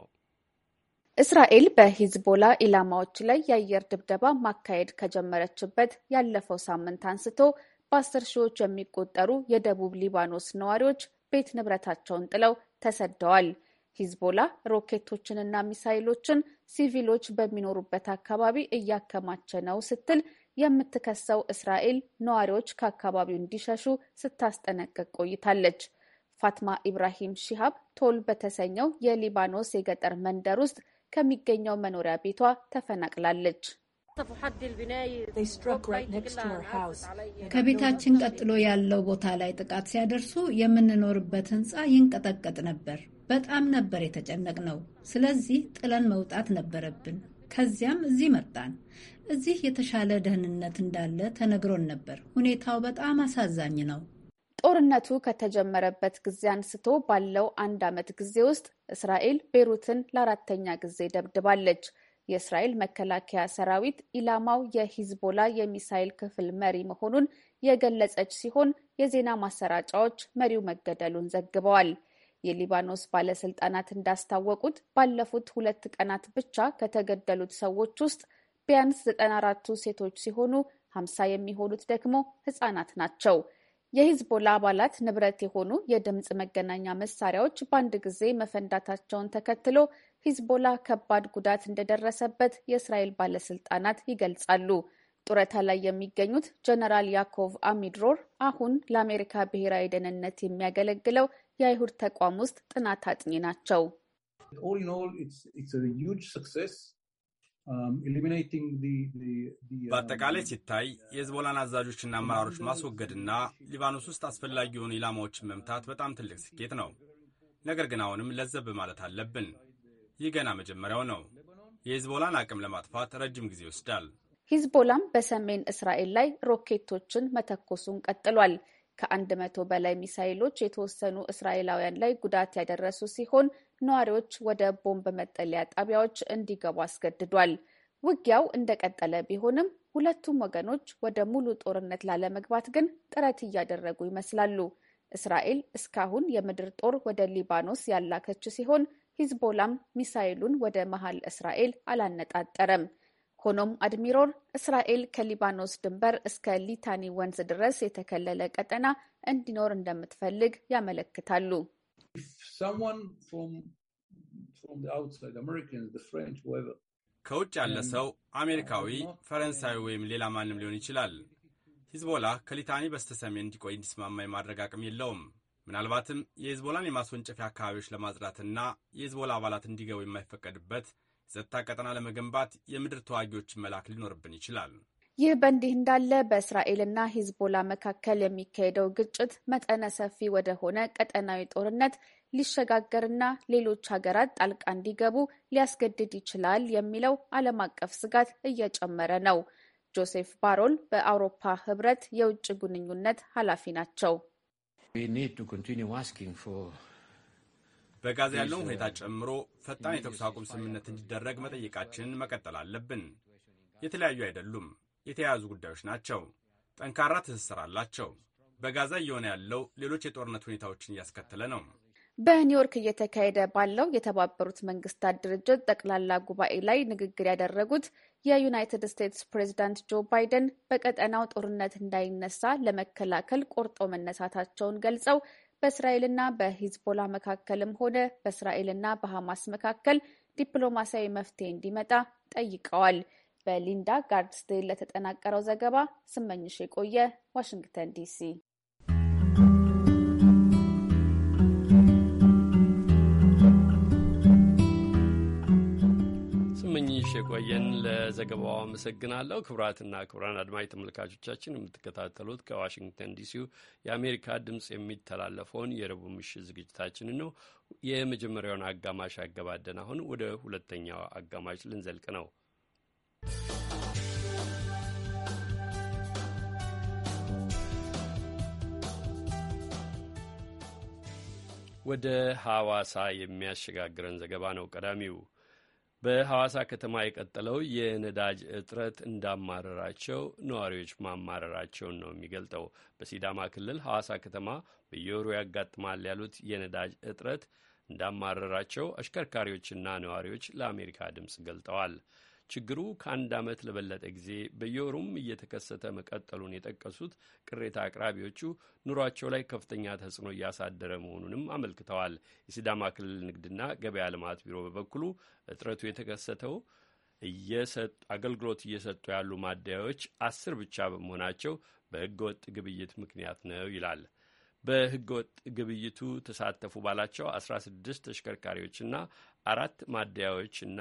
እስራኤል በሂዝቦላ ኢላማዎች ላይ የአየር ድብደባ ማካሄድ ከጀመረችበት ያለፈው ሳምንት አንስቶ በአስር ሺዎች የሚቆጠሩ የደቡብ ሊባኖስ ነዋሪዎች ቤት ንብረታቸውን ጥለው ተሰደዋል። ሂዝቦላ ሮኬቶችንና ሚሳይሎችን ሲቪሎች በሚኖሩበት አካባቢ እያከማቸ ነው ስትል የምትከሰው እስራኤል ነዋሪዎች ከአካባቢው እንዲሸሹ ስታስጠነቀቅ ቆይታለች። ፋትማ ኢብራሂም ሺሃብ ቶል በተሰኘው የሊባኖስ የገጠር መንደር ውስጥ ከሚገኘው መኖሪያ ቤቷ ተፈናቅላለች። ከቤታችን ቀጥሎ ያለው ቦታ ላይ ጥቃት ሲያደርሱ የምንኖርበት ህንፃ ይንቀጠቀጥ ነበር። በጣም ነበር የተጨነቅ ነው። ስለዚህ ጥለን መውጣት ነበረብን። ከዚያም እዚህ መጣን። እዚህ የተሻለ ደህንነት እንዳለ ተነግሮን ነበር። ሁኔታው በጣም አሳዛኝ ነው። ጦርነቱ ከተጀመረበት ጊዜ አንስቶ ባለው አንድ ዓመት ጊዜ ውስጥ እስራኤል ቤሩትን ለአራተኛ ጊዜ ደብድባለች። የእስራኤል መከላከያ ሰራዊት ኢላማው የሂዝቦላ የሚሳይል ክፍል መሪ መሆኑን የገለጸች ሲሆን የዜና ማሰራጫዎች መሪው መገደሉን ዘግበዋል። የሊባኖስ ባለስልጣናት እንዳስታወቁት ባለፉት ሁለት ቀናት ብቻ ከተገደሉት ሰዎች ውስጥ ቢያንስ 94ቱ ሴቶች ሲሆኑ 50 የሚሆኑት ደግሞ ህጻናት ናቸው። የሂዝቦላ አባላት ንብረት የሆኑ የድምፅ መገናኛ መሳሪያዎች በአንድ ጊዜ መፈንዳታቸውን ተከትሎ ሂዝቦላ ከባድ ጉዳት እንደደረሰበት የእስራኤል ባለስልጣናት ይገልጻሉ። ጡረታ ላይ የሚገኙት ጀነራል ያኮቭ አሚድሮር አሁን ለአሜሪካ ብሔራዊ ደህንነት የሚያገለግለው የአይሁድ ተቋም ውስጥ ጥናት አጥኚ ናቸው። በአጠቃላይ ሲታይ የህዝቦላን አዛዦችና አመራሮች ማስወገድና ሊባኖስ ውስጥ አስፈላጊ የሆኑ ኢላማዎችን መምታት በጣም ትልቅ ስኬት ነው። ነገር ግን አሁንም ለዘብ ማለት አለብን። ይህ ገና መጀመሪያው ነው። የህዝቦላን አቅም ለማጥፋት ረጅም ጊዜ ይወስዳል። ሂዝቦላም በሰሜን እስራኤል ላይ ሮኬቶችን መተኮሱን ቀጥሏል። ከአንድ መቶ በላይ ሚሳይሎች የተወሰኑ እስራኤላውያን ላይ ጉዳት ያደረሱ ሲሆን ነዋሪዎች ወደ ቦምብ መጠለያ ጣቢያዎች እንዲገቡ አስገድዷል። ውጊያው እንደቀጠለ ቢሆንም ሁለቱም ወገኖች ወደ ሙሉ ጦርነት ላለመግባት ግን ጥረት እያደረጉ ይመስላሉ። እስራኤል እስካሁን የምድር ጦር ወደ ሊባኖስ ያላከች ሲሆን ሂዝቦላም ሚሳይሉን ወደ መሀል እስራኤል አላነጣጠረም። ሆኖም አድሚሮል እስራኤል ከሊባኖስ ድንበር እስከ ሊታኒ ወንዝ ድረስ የተከለለ ቀጠና እንዲኖር እንደምትፈልግ ያመለክታሉ። ከውጭ ያለ ሰው አሜሪካዊ፣ ፈረንሳዊ ወይም ሌላ ማንም ሊሆን ይችላል። ሂዝቦላ ከሊታኒ በስተሰሜን እንዲቆይ እንዲስማማ የማድረግ አቅም የለውም። ምናልባትም የሂዝቦላን የማስወንጨፊያ አካባቢዎች ለማጽዳትና የሂዝቦላ አባላት እንዲገቡ የማይፈቀድበት የጸጥታ ቀጠና ለመገንባት የምድር ተዋጊዎችን መላክ ሊኖርብን ይችላል። ይህ በእንዲህ እንዳለ በእስራኤልና ሂዝቦላ መካከል የሚካሄደው ግጭት መጠነ ሰፊ ወደሆነ ቀጠናዊ ጦርነት ሊሸጋገርና ሌሎች ሀገራት ጣልቃ እንዲገቡ ሊያስገድድ ይችላል የሚለው ዓለም አቀፍ ስጋት እየጨመረ ነው። ጆሴፍ ባሮል በአውሮፓ ህብረት የውጭ ግንኙነት ኃላፊ ናቸው። በጋዛ ያለውን ሁኔታ ጨምሮ ፈጣን የተኩስ አቁም ስምምነት እንዲደረግ መጠየቃችንን መቀጠል አለብን። የተለያዩ አይደሉም፣ የተያያዙ ጉዳዮች ናቸው። ጠንካራ ትስስር አላቸው። በጋዛ እየሆነ ያለው ሌሎች የጦርነት ሁኔታዎችን እያስከተለ ነው። በኒውዮርክ እየተካሄደ ባለው የተባበሩት መንግስታት ድርጅት ጠቅላላ ጉባኤ ላይ ንግግር ያደረጉት የዩናይትድ ስቴትስ ፕሬዚዳንት ጆ ባይደን በቀጠናው ጦርነት እንዳይነሳ ለመከላከል ቆርጦ መነሳታቸውን ገልጸው በእስራኤልና በሂዝቦላ መካከልም ሆነ በእስራኤልና በሐማስ መካከል ዲፕሎማሲያዊ መፍትሄ እንዲመጣ ጠይቀዋል። በሊንዳ ጋርድስቴል ለተጠናቀረው ዘገባ ስመኝሽ የቆየ ዋሽንግተን ዲሲ። ስመኝሽ የቆየን ለዘገባው አመሰግናለሁ። ክቡራትና ክቡራን አድማጭ ተመልካቾቻችን የምትከታተሉት ከዋሽንግተን ዲሲው የአሜሪካ ድምፅ የሚተላለፈውን የረቡዕ ምሽት ዝግጅታችንን ነው። የመጀመሪያውን አጋማሽ አገባደን አሁን ወደ ሁለተኛው አጋማሽ ልንዘልቅ ነው። ወደ ሐዋሳ የሚያሸጋግረን ዘገባ ነው ቀዳሚው። በሐዋሳ ከተማ የቀጠለው የነዳጅ እጥረት እንዳማረራቸው ነዋሪዎች ማማረራቸውን ነው የሚገልጠው። በሲዳማ ክልል ሐዋሳ ከተማ በየወሩ ያጋጥማል ያሉት የነዳጅ እጥረት እንዳማረራቸው አሽከርካሪዎችና ነዋሪዎች ለአሜሪካ ድምፅ ገልጠዋል። ችግሩ ከአንድ ዓመት ለበለጠ ጊዜ በየወሩም እየተከሰተ መቀጠሉን የጠቀሱት ቅሬታ አቅራቢዎቹ ኑሯቸው ላይ ከፍተኛ ተጽዕኖ እያሳደረ መሆኑንም አመልክተዋል። የሲዳማ ክልል ንግድና ገበያ ልማት ቢሮ በበኩሉ እጥረቱ የተከሰተው አገልግሎት እየሰጡ ያሉ ማደያዎች አስር ብቻ በመሆናቸው በህገ ወጥ ግብይት ምክንያት ነው ይላል። በህገ ወጥ ግብይቱ ተሳተፉ ባላቸው ስድስት ተሽከርካሪዎችና አራት ማደያዎችና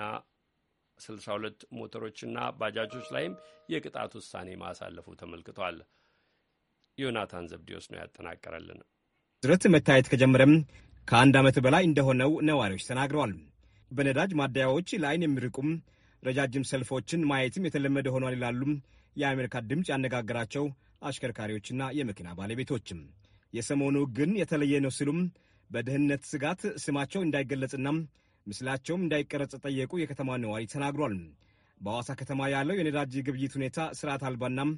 62 ሞተሮችና ባጃጆች ላይም የቅጣት ውሳኔ ማሳለፉ ተመልክቷል። ዮናታን ዘብዲዮስ ነው ያጠናቀረልን። ዝርት መታየት ከጀመረም ከአንድ ዓመት በላይ እንደሆነው ነዋሪዎች ተናግረዋል። በነዳጅ ማደያዎች ለአይን የሚርቁም ረጃጅም ሰልፎችን ማየትም የተለመደ ሆኗል ይላሉም። የአሜሪካ ድምፅ ያነጋገራቸው አሽከርካሪዎችና የመኪና ባለቤቶችም። የሰሞኑ ግን የተለየ ነው ሲሉም በደህንነት ስጋት ስማቸው እንዳይገለጽና ምስላቸውም እንዳይቀረጽ ጠየቁ የከተማ ነዋሪ ተናግሯል። በሐዋሳ ከተማ ያለው የነዳጅ ግብይት ሁኔታ ስርዓት አልባናም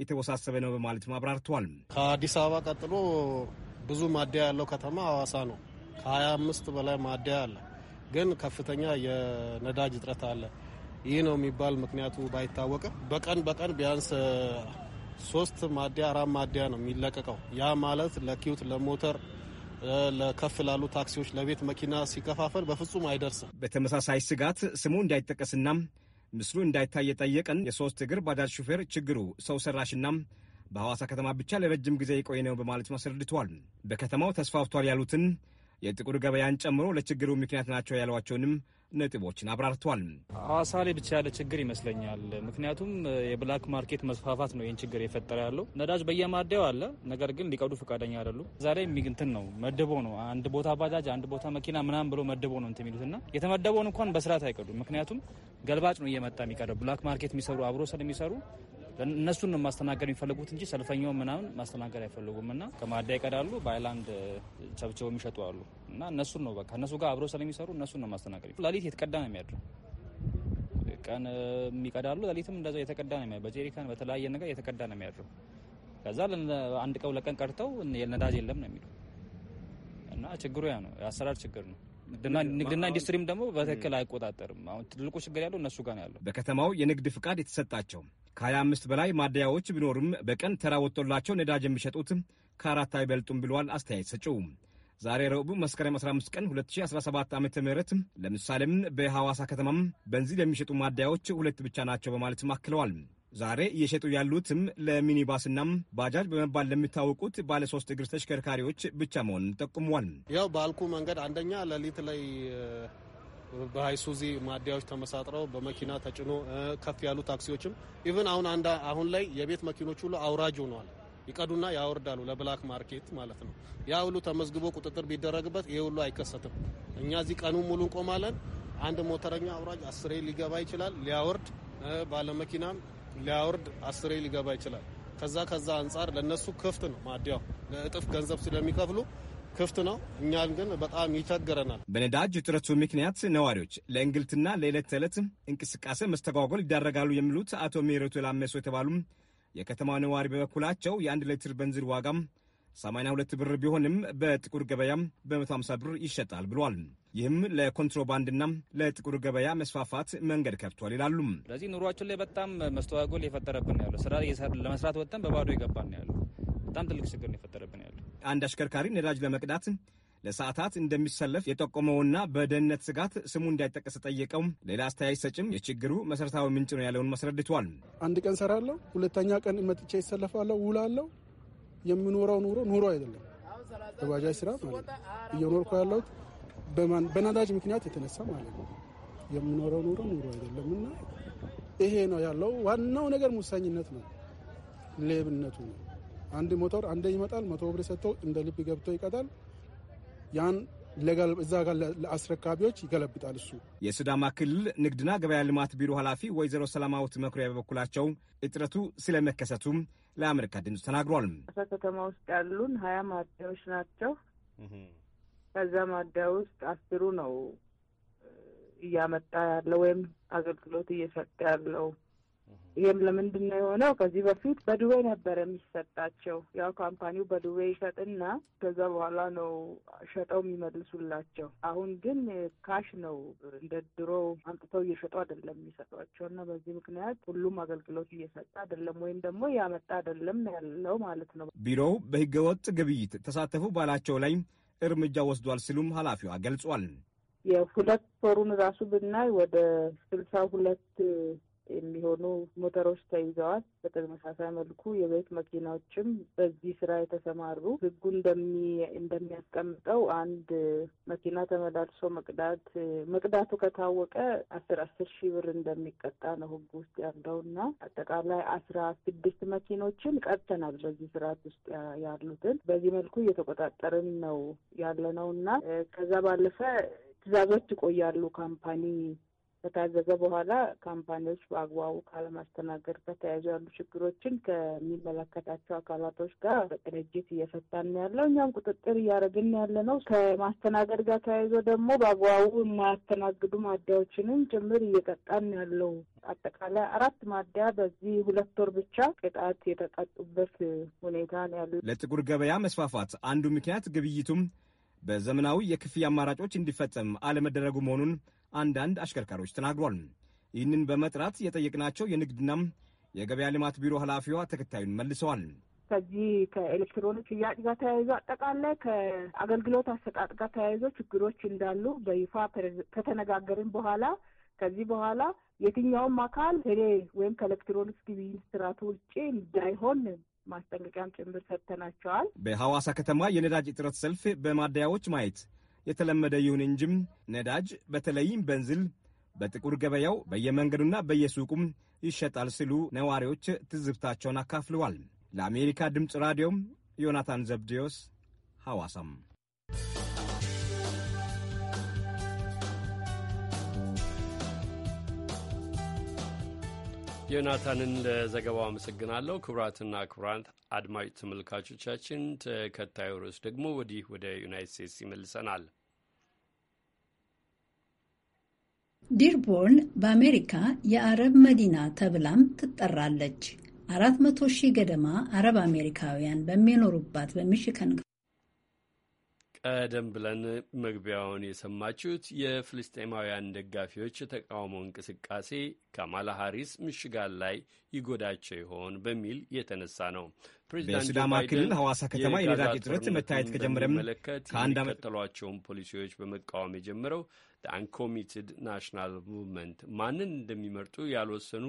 የተወሳሰበ ነው በማለትም አብራርተዋል። ከአዲስ አበባ ቀጥሎ ብዙ ማደያ ያለው ከተማ ሐዋሳ ነው። ከ25 በላይ ማደያ አለ። ግን ከፍተኛ የነዳጅ እጥረት አለ። ይህ ነው የሚባል ምክንያቱ ባይታወቅም በቀን በቀን ቢያንስ ሶስት ማደያ አራት ማደያ ነው የሚለቀቀው። ያ ማለት ለኪዩት ለሞተር ከፍ ላሉ ታክሲዎች፣ ለቤት መኪና ሲከፋፈል በፍጹም አይደርስም። በተመሳሳይ ስጋት ስሙ እንዳይጠቀስና ምስሉ እንዳይታይ የጠየቀን የሶስት እግር ባጃጅ ሹፌር ችግሩ ሰው ሰራሽና በሐዋሳ ከተማ ብቻ ለረጅም ጊዜ የቆየ ነው በማለት አስረድተዋል። በከተማው ተስፋፍቷል ያሉትን የጥቁር ገበያን ጨምሮ ለችግሩ ምክንያት ናቸው ያሏቸውንም ነጥቦችን አብራርተዋል። ሐዋሳ ላይ ብቻ ያለ ችግር ይመስለኛል። ምክንያቱም የብላክ ማርኬት መስፋፋት ነው ይህን ችግር የፈጠረ ያለው። ነዳጅ በየማደያው አለ፣ ነገር ግን ሊቀዱ ፈቃደኛ አይደሉም። እዛ ላይ የሚግንትን ነው መድቦ ነው አንድ ቦታ ባጃጅ፣ አንድ ቦታ መኪና ምናምን ብሎ መድቦ ነው እንትን የሚሉትና የተመደበውን እንኳን በስርዓት አይቀዱም። ምክንያቱም ገልባጭ ነው እየመጣ የሚቀደው ብላክ ማርኬት የሚሰሩ አብሮ ስለሚሰሩ እነሱን ነው ማስተናገድ የሚፈልጉት እንጂ ሰልፈኛውን ምናምን ማስተናገድ አይፈልጉም። እና ከማዳ ይቀዳሉ፣ በአይላንድ ቸብቸበው የሚሸጡ አሉ። እና እነሱን ነው በቃ እነሱ ጋር አብረው ስለሚሰሩ እነሱን ነው ማስተናገድ። ሌሊት የተቀዳ ነው የሚያድረው። ቀን የሚቀዳሉ፣ ሌሊትም እንደዛ የተቀዳ ነው የሚያድረው። በጀሪካን በተለያየ ነገር የተቀዳ ነው የሚያድረው። ከዛ አንድ ቀው ለቀን ቀርተው ነዳጅ የለም ነው የሚሉ እና ችግሩ ያ ነው፣ የአሰራር ችግር ነው። ንግድና ኢንዱስትሪም ደግሞ በትክክል አይቆጣጠርም። አሁን ትልቁ ችግር ያለው እነሱ ጋር ነው ያለው። በከተማው የንግድ ፍቃድ የተሰጣቸው ከ25 በላይ ማደያዎች ቢኖሩም በቀን ተራ ወጥቶላቸው ነዳጅ የሚሸጡት ከአራት አይበልጡም ብለዋል አስተያየት ሰጪው። ዛሬ ረቡዕ መስከረም 15 ቀን 2017 ዓ ም ለምሳሌም በሐዋሳ ከተማም በንዚል የሚሸጡ ማደያዎች ሁለት ብቻ ናቸው በማለትም አክለዋል። ዛሬ እየሸጡ ያሉትም ለሚኒባስናም ባጃጅ በመባል ለሚታወቁት ባለ ሶስት እግር ተሽከርካሪዎች ብቻ መሆኑን ጠቁመዋል። ያው ባልኩ መንገድ አንደኛ ሌሊት ላይ በሀይሱዚ ማደያዎች ተመሳጥረው በመኪና ተጭኖ ከፍ ያሉ ታክሲዎችም ኢቨን አሁን አንድ አሁን ላይ የቤት መኪኖች ሁሉ አውራጅ ሆነዋል። ይቀዱና ያወርዳሉ ለብላክ ማርኬት ማለት ነው። ያ ሁሉ ተመዝግቦ ቁጥጥር ቢደረግበት ይሄ ሁሉ አይከሰትም። እኛ እዚህ ቀኑ ሙሉ እንቆማለን። አንድ ሞተረኛ አውራጅ አስሬ ሊገባ ይችላል፣ ሊያወርድ ባለመኪናም ሊያወርድ አስሬ ሊገባ ይችላል። ከዛ ከዛ አንጻር ለነሱ ክፍት ነው ማደያው እጥፍ ገንዘብ ስለሚከፍሉ ክፍት ነው። እኛን ግን በጣም ይቸግረናል። በነዳጅ እጥረቱ ምክንያት ነዋሪዎች ለእንግልትና ለዕለት ተዕለት እንቅስቃሴ መስተጓጎል ይዳረጋሉ የሚሉት አቶ ሜሬቱ ላመሶ የተባሉ የከተማ ነዋሪ በበኩላቸው የአንድ ሌትር በንዝል ዋጋም 82 ብር ቢሆንም በጥቁር ገበያም በ150 ብር ይሸጣል ብሏል። ይህም ለኮንትሮባንድና ለጥቁር ገበያ መስፋፋት መንገድ ከፍቷል ይላሉ። ስለዚህ ኑሯችን ላይ በጣም መስተዋጎል የፈጠረብን ያለው ስራ ለመስራት ወጥተን በባዶ የገባን ያለው በጣም ትልቅ ችግር ነው የፈጠረብን ያለ አንድ አሽከርካሪ ነዳጅ ለመቅዳት ለሰዓታት እንደሚሰለፍ የጠቆመውና በደህንነት ስጋት ስሙ እንዳይጠቀስ ጠየቀው ሌላ አስተያየት ሰጭም የችግሩ መሰረታዊ ምንጭ ነው ያለውን መስረድቷል። አንድ ቀን ሰራለሁ፣ ሁለተኛ ቀን መጥቻ ይሰለፋለሁ፣ ውላለሁ። የምኖረው ኑሮ ኑሮ አይደለም፣ በባጃጅ ስራ ማለት ነው እየኖርኩ ያለሁት በነዳጅ ምክንያት የተነሳ ማለት ነው። የምኖረው ኑሮ ኑሮ አይደለም እና ይሄ ነው ያለው ዋናው ነገር ሙሰኝነት ነው፣ ሌብነቱ ነው። አንድ ሞተር አንዴ ይመጣል። መቶ ብር ሰጥቶ እንደ ልብ ገብቶ ይቀጣል። ያን ለጋል እዛ ጋር ለአስረካቢዎች ይገለብጣል። እሱ የሲዳማ ክልል ንግድና ገበያ ልማት ቢሮ ኃላፊ ወይዘሮ ሰላማዊት መኩሪያ በበኩላቸው እጥረቱ ስለመከሰቱም ለአሜሪካ ድምፅ ተናግሯል። ከተማ ውስጥ ያሉን ሀያ ማደያዎች ናቸው። ከዛ ማደያ ውስጥ አስሩ ነው እያመጣ ያለው ወይም አገልግሎት እየሰጠ ያለው ይህም ለምንድን ነው የሆነው? ከዚህ በፊት በዱቤ ነበር የሚሰጣቸው። ያው ካምፓኒው በዱቤ ይሰጥና ከዛ በኋላ ነው ሸጠው የሚመልሱላቸው። አሁን ግን ካሽ ነው እንደ ድሮ አምጥተው እየሸጡ አይደለም የሚሰጧቸው እና በዚህ ምክንያት ሁሉም አገልግሎት እየሰጠ አይደለም፣ ወይም ደግሞ ያመጣ አይደለም ያለው ማለት ነው። ቢሮው በህገወጥ ግብይት ተሳተፉ ባላቸው ላይ እርምጃ ወስዷል ሲሉም ኃላፊዋ ገልጿል። የሁለት ወሩን ራሱ ብናይ ወደ ስልሳ ሁለት የሚሆኑ ሞተሮች ተይዘዋል። በተመሳሳይ መልኩ የቤት መኪናዎችም በዚህ ስራ የተሰማሩ ህጉ እንደሚያስቀምጠው አንድ መኪና ተመላልሶ መቅዳት መቅዳቱ ከታወቀ አስር አስር ሺህ ብር እንደሚቀጣ ነው ህጉ ውስጥ ያለው እና አጠቃላይ አስራ ስድስት መኪኖችን ቀጥተናል። በዚህ ስርዓት ውስጥ ያሉትን በዚህ መልኩ እየተቆጣጠርን ነው ያለ ነው እና ከዛ ባለፈ ትዕዛዞች ይቆያሉ ካምፓኒ ከታዘዘ በኋላ ካምፓኒዎች በአግባቡ ካለማስተናገድ ጋር ተያይዞ ያሉ ችግሮችን ከሚመለከታቸው አካላቶች ጋር በቅንጅት እየፈታን ያለው እኛም ቁጥጥር እያደረግን ያለ ነው። ከማስተናገድ ጋር ተያይዞ ደግሞ በአግባቡ የማያስተናግዱ ማዳዎችንም ጭምር እየቀጣን ያለው አጠቃላይ አራት ማዳ በዚህ ሁለት ወር ብቻ ቅጣት የተቀጡበት ሁኔታ ነው ያሉ። ለጥቁር ገበያ መስፋፋት አንዱ ምክንያት ግብይቱም በዘመናዊ የክፍያ አማራጮች እንዲፈጸም አለመደረጉ መሆኑን አንዳንድ አሽከርካሪዎች ተናግሯል። ይህንን በመጥራት የጠየቅናቸው የንግድና የገበያ ልማት ቢሮ ኃላፊዋ ተከታዩን መልሰዋል። ከዚህ ከኤሌክትሮኒክ ሽያጭ ጋር ተያይዞ አጠቃላይ ከአገልግሎት አሰጣጥ ጋር ተያይዞ ችግሮች እንዳሉ በይፋ ከተነጋገርን በኋላ ከዚህ በኋላ የትኛውም አካል እኔ ወይም ከኤሌክትሮኒክስ ግብይት ስርዓቱ ውጭ እንዳይሆን ማስጠንቀቂያም ጭምር ሰጥተናቸዋል። በሐዋሳ ከተማ የነዳጅ እጥረት ሰልፍ በማደያዎች ማየት የተለመደ ይሁን እንጂም ነዳጅ በተለይም በንዝል በጥቁር ገበያው በየመንገዱና በየሱቁም ይሸጣል ሲሉ ነዋሪዎች ትዝብታቸውን አካፍለዋል። ለአሜሪካ ድምፅ ራዲዮም ዮናታን ዘብዴዎስ ሐዋሳም ዮናታንን ለዘገባው አመሰግናለሁ። ክቡራትና ክቡራን አድማጭ ተመልካቾቻችን ተከታዩ ርዕስ ደግሞ ወዲህ ወደ ዩናይት ስቴትስ ይመልሰናል። ዲርቦርን በአሜሪካ የአረብ መዲና ተብላም ትጠራለች። አራት መቶ ሺህ ገደማ አረብ አሜሪካውያን በሚኖሩባት በሚሽከን ቀደም ብለን መግቢያውን የሰማችሁት የፍልስጤማውያን ደጋፊዎች የተቃውሞ እንቅስቃሴ ካማላ ሀሪስ ምሽጋን ላይ ይጎዳቸው ይሆን በሚል የተነሳ ነው። በሲዳማ ክልል ሐዋሳ ከተማ የነዳጅ እጥረት መታየት ከጀመረም ከአንድ ከተሏቸውን ፖሊሲዎች በመቃወም የጀመረው አንኮሚትድ ናሽናል ሙቭመንት ማንን እንደሚመርጡ ያልወሰኑ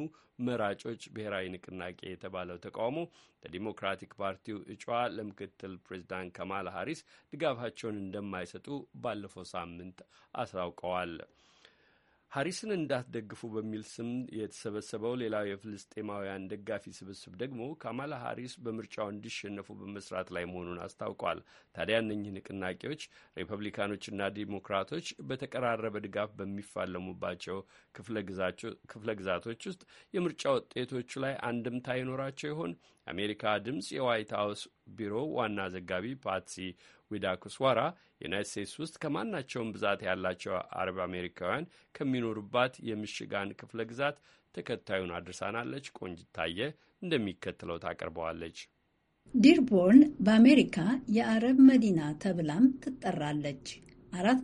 መራጮች ብሔራዊ ንቅናቄ የተባለው ተቃውሞ ለዲሞክራቲክ ፓርቲው እጩዋ ለምክትል ፕሬዚዳንት ከማል ሀሪስ ድጋፋቸውን እንደማይሰጡ ባለፈው ሳምንት አስታውቀዋል። ሐሪስን እንዳትደግፉ በሚል ስም የተሰበሰበው ሌላው የፍልስጤማውያን ደጋፊ ስብስብ ደግሞ ካማላ ሐሪስ በምርጫው እንዲሸነፉ በመስራት ላይ መሆኑን አስታውቋል። ታዲያ እነኚህ ንቅናቄዎች ሪፐብሊካኖችና ዲሞክራቶች በተቀራረበ ድጋፍ በሚፋለሙባቸው ክፍለ ግዛቶች ውስጥ የምርጫ ውጤቶቹ ላይ አንድምታ ይኖራቸው ይሆን? የአሜሪካ ድምፅ የዋይት ሀውስ ቢሮ ዋና ዘጋቢ ፓትሲ ዊዳ ኩስዋራ ዩናይት ስቴትስ ውስጥ ከማናቸውም ብዛት ያላቸው አረብ አሜሪካውያን ከሚኖሩባት የምሽጋን ክፍለ ግዛት ተከታዩን አድርሳናለች። ቆንጅታየ እንደሚከተለው ታቀርበዋለች። ዲርቦርን በአሜሪካ የአረብ መዲና ተብላም ትጠራለች።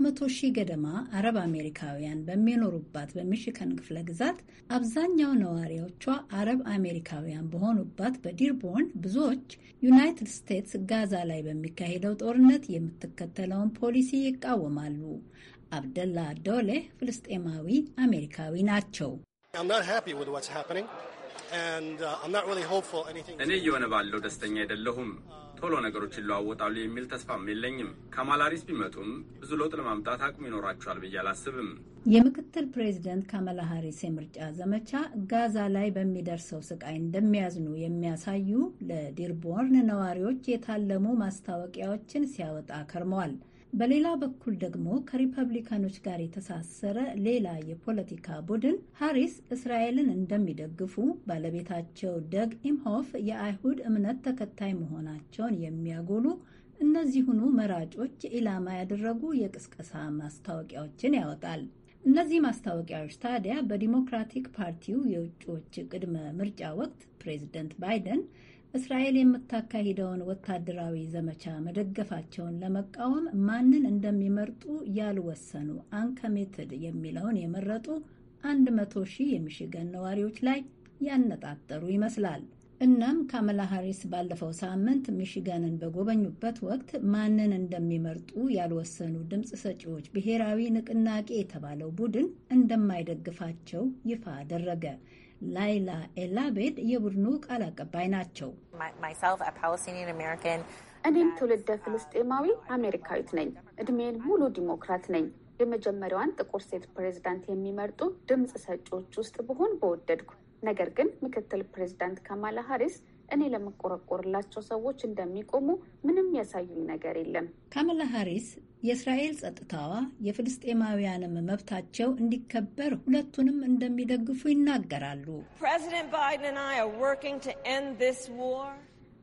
መቶ ሺህ ገደማ አረብ አሜሪካውያን በሚኖሩባት በሚሽከን ክፍለ ግዛት አብዛኛው ነዋሪዎቿ አረብ አሜሪካውያን በሆኑባት በዲርቦርን ብዙዎች ዩናይትድ ስቴትስ ጋዛ ላይ በሚካሄደው ጦርነት የምትከተለውን ፖሊሲ ይቃወማሉ። አብደላ ዶሌ ፍልስጤማዊ አሜሪካዊ ናቸው። uh, እኔ እየሆነ ባለው ደስተኛ አይደለሁም። ቶሎ ነገሮች ይለዋወጣሉ የሚል ተስፋም የለኝም። ካማላሪስ ቢመጡም ብዙ ለውጥ ለማምጣት አቅም ይኖራቸዋል ብዬ አላስብም። የምክትል ፕሬዚደንት ካማላ ሀሪስ የምርጫ ዘመቻ ጋዛ ላይ በሚደርሰው ስቃይ እንደሚያዝኑ የሚያሳዩ ለዲርቦርን ነዋሪዎች የታለሙ ማስታወቂያዎችን ሲያወጣ ከርመዋል። በሌላ በኩል ደግሞ ከሪፐብሊካኖች ጋር የተሳሰረ ሌላ የፖለቲካ ቡድን ሃሪስ እስራኤልን እንደሚደግፉ ባለቤታቸው ደግ ኢምሆፍ የአይሁድ እምነት ተከታይ መሆናቸውን የሚያጎሉ እነዚሁኑ መራጮች ኢላማ ያደረጉ የቅስቀሳ ማስታወቂያዎችን ያወጣል። እነዚህ ማስታወቂያዎች ታዲያ በዲሞክራቲክ ፓርቲው የውጭዎች ቅድመ ምርጫ ወቅት ፕሬዚደንት ባይደን እስራኤል የምታካሂደውን ወታደራዊ ዘመቻ መደገፋቸውን ለመቃወም ማንን እንደሚመርጡ ያልወሰኑ አንከሜትድ የሚለውን የመረጡ አንድ መቶ ሺህ የሚሽገን ነዋሪዎች ላይ ያነጣጠሩ ይመስላል። እናም ካመላ ሃሪስ ባለፈው ሳምንት ሚሽጋንን በጎበኙበት ወቅት ማንን እንደሚመርጡ ያልወሰኑ ድምፅ ሰጪዎች ብሔራዊ ንቅናቄ የተባለው ቡድን እንደማይደግፋቸው ይፋ አደረገ። ላይላ ኤላቤድ የቡድኑ ቃል አቀባይ ናቸው። እኔም ትውልደ ፍልስጤማዊ አሜሪካዊት ነኝ። እድሜን ሙሉ ዲሞክራት ነኝ። የመጀመሪያዋን ጥቁር ሴት ፕሬዝዳንት የሚመርጡ ድምፅ ሰጪዎች ውስጥ ብሆን በወደድኩ። ነገር ግን ምክትል ፕሬዝዳንት ካማላ ሀሪስ እኔ ለምቆረቆርላቸው ሰዎች እንደሚቆሙ ምንም ያሳዩኝ ነገር የለም። ካመላ ሃሪስ የእስራኤል ጸጥታዋ የፍልስጤማውያንም መብታቸው እንዲከበር ሁለቱንም እንደሚደግፉ ይናገራሉ።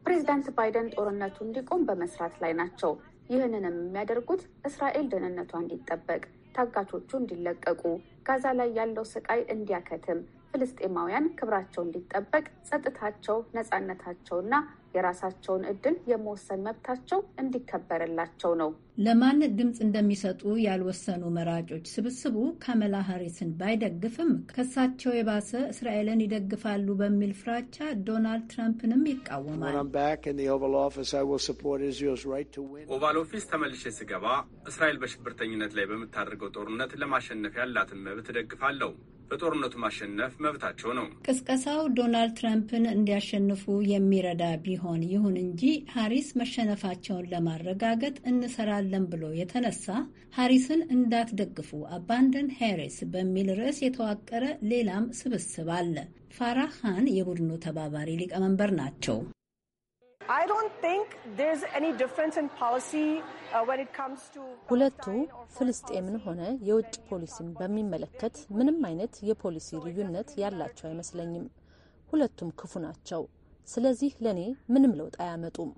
ፕሬዚዳንት ባይደን ጦርነቱ እንዲቆም በመስራት ላይ ናቸው። ይህንንም የሚያደርጉት እስራኤል ደህንነቷ እንዲጠበቅ፣ ታጋቾቹ እንዲለቀቁ፣ ጋዛ ላይ ያለው ስቃይ እንዲያከትም ፍልስጤማውያን ክብራቸው እንዲጠበቅ ጸጥታቸው፣ ነጻነታቸውና የራሳቸውን እድል የመወሰን መብታቸው እንዲከበርላቸው ነው። ለማን ድምፅ እንደሚሰጡ ያልወሰኑ መራጮች ስብስቡ ካመላ ሀሪስን ባይደግፍም ከሳቸው የባሰ እስራኤልን ይደግፋሉ በሚል ፍራቻ ዶናልድ ትራምፕንም ይቃወማል። ኦቫል ኦፊስ ተመልሼ ስገባ እስራኤል በሽብርተኝነት ላይ በምታደርገው ጦርነት ለማሸነፍ ያላትን መብት እደግፋለሁ። በጦርነቱ ማሸነፍ መብታቸው ነው። ቅስቀሳው ዶናልድ ትራምፕን እንዲያሸንፉ የሚረዳ ቢሆን ይሁን እንጂ ሀሪስ መሸነፋቸውን ለማረጋገጥ እንሰራለን ብሎ የተነሳ ሀሪስን እንዳትደግፉ አባንደን ሄሪስ በሚል ርዕስ የተዋቀረ ሌላም ስብስብ አለ። ፋራ ሃን የቡድኑ ተባባሪ ሊቀመንበር ናቸው። Uh, ሁለቱ ፍልስጤምን ሆነ የውጭ ፖሊሲን በሚመለከት ምንም አይነት የፖሊሲ ልዩነት ያላቸው አይመስለኝም። ሁለቱም ክፉ ናቸው። ስለዚህ ለእኔ ምንም ለውጥ አያመጡም።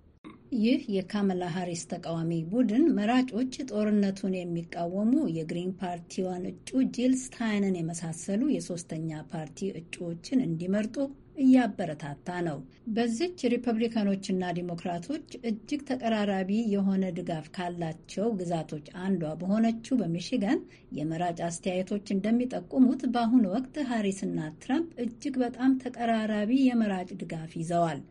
ይህ የካመላ ሀሪስ ተቃዋሚ ቡድን መራጮች ጦርነቱን የሚቃወሙ የግሪን ፓርቲዋን እጩ ጂል ስታይንን የመሳሰሉ የሶስተኛ ፓርቲ እጩዎችን እንዲመርጡ እያበረታታ ነው። በዚች ሪፐብሊካኖችና ዲሞክራቶች እጅግ ተቀራራቢ የሆነ ድጋፍ ካላቸው ግዛቶች አንዷ በሆነችው በሚሽጋን የመራጭ አስተያየቶች እንደሚጠቁሙት በአሁኑ ወቅት ሃሪስና ትራምፕ እጅግ በጣም ተቀራራቢ የመራጭ ድጋፍ ይዘዋል።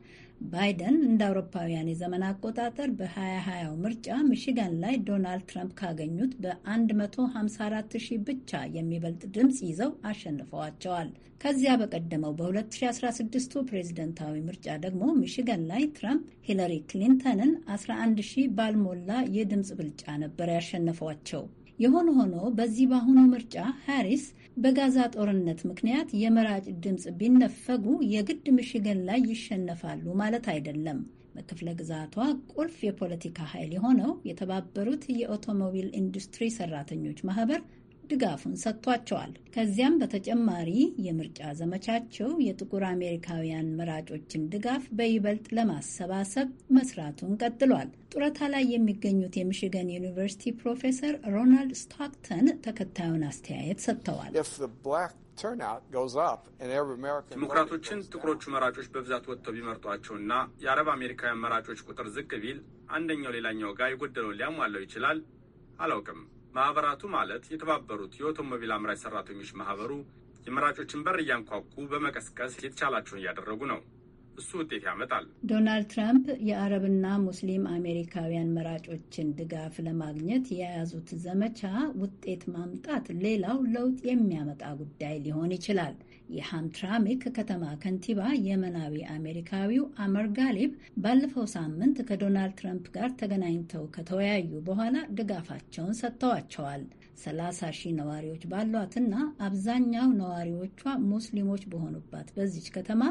ባይደን እንደ አውሮፓውያን የዘመን አቆጣጠር በ2020 ምርጫ ሚሽጋን ላይ ዶናልድ ትራምፕ ካገኙት በ154 ሺህ ብቻ የሚበልጥ ድምፅ ይዘው አሸንፈዋቸዋል። ከዚያ በቀደመው በ2016ቱ ፕሬዝደንታዊ ምርጫ ደግሞ ሚሽጋን ላይ ትራምፕ ሂለሪ ክሊንተንን 11 ሺህ ባልሞላ የድምፅ ብልጫ ነበር ያሸነፏቸው። የሆነ ሆኖ በዚህ በአሁኑ ምርጫ ሃሪስ በጋዛ ጦርነት ምክንያት የመራጭ ድምፅ ቢነፈጉ የግድ ምሽገን ላይ ይሸነፋሉ ማለት አይደለም። በክፍለ ግዛቷ ቁልፍ የፖለቲካ ኃይል የሆነው የተባበሩት የኦቶሞቢል ኢንዱስትሪ ሰራተኞች ማህበር ድጋፉን ሰጥቷቸዋል። ከዚያም በተጨማሪ የምርጫ ዘመቻቸው የጥቁር አሜሪካውያን መራጮችን ድጋፍ በይበልጥ ለማሰባሰብ መስራቱን ቀጥሏል። ጡረታ ላይ የሚገኙት የሚሽገን ዩኒቨርሲቲ ፕሮፌሰር ሮናልድ ስታክተን ተከታዩን አስተያየት ሰጥተዋል። ዲሞክራቶችን ጥቁሮቹ መራጮች በብዛት ወጥተው ቢመርጧቸውና የአረብ አሜሪካውያን መራጮች ቁጥር ዝቅ ቢል አንደኛው ሌላኛው ጋር የጎደለውን ሊያሟላው ይችላል። አላውቅም። ማህበራቱ ማለት የተባበሩት የኦቶሞቢል አምራች ሰራተኞች ማህበሩ የመራጮችን በር እያንኳኩ በመቀስቀስ የተቻላቸውን እያደረጉ ነው። እሱ ውጤት ያመጣል። ዶናልድ ትራምፕ የአረብና ሙስሊም አሜሪካውያን መራጮችን ድጋፍ ለማግኘት የያዙት ዘመቻ ውጤት ማምጣት ሌላው ለውጥ የሚያመጣ ጉዳይ ሊሆን ይችላል። የሃምትራሚክ ከተማ ከንቲባ የመናዊ አሜሪካዊው አመር ጋሊብ ባለፈው ሳምንት ከዶናልድ ትራምፕ ጋር ተገናኝተው ከተወያዩ በኋላ ድጋፋቸውን ሰጥተዋቸዋል። ሰላሳ ሺህ ነዋሪዎች ባሏትና አብዛኛው ነዋሪዎቿ ሙስሊሞች በሆኑባት በዚች ከተማ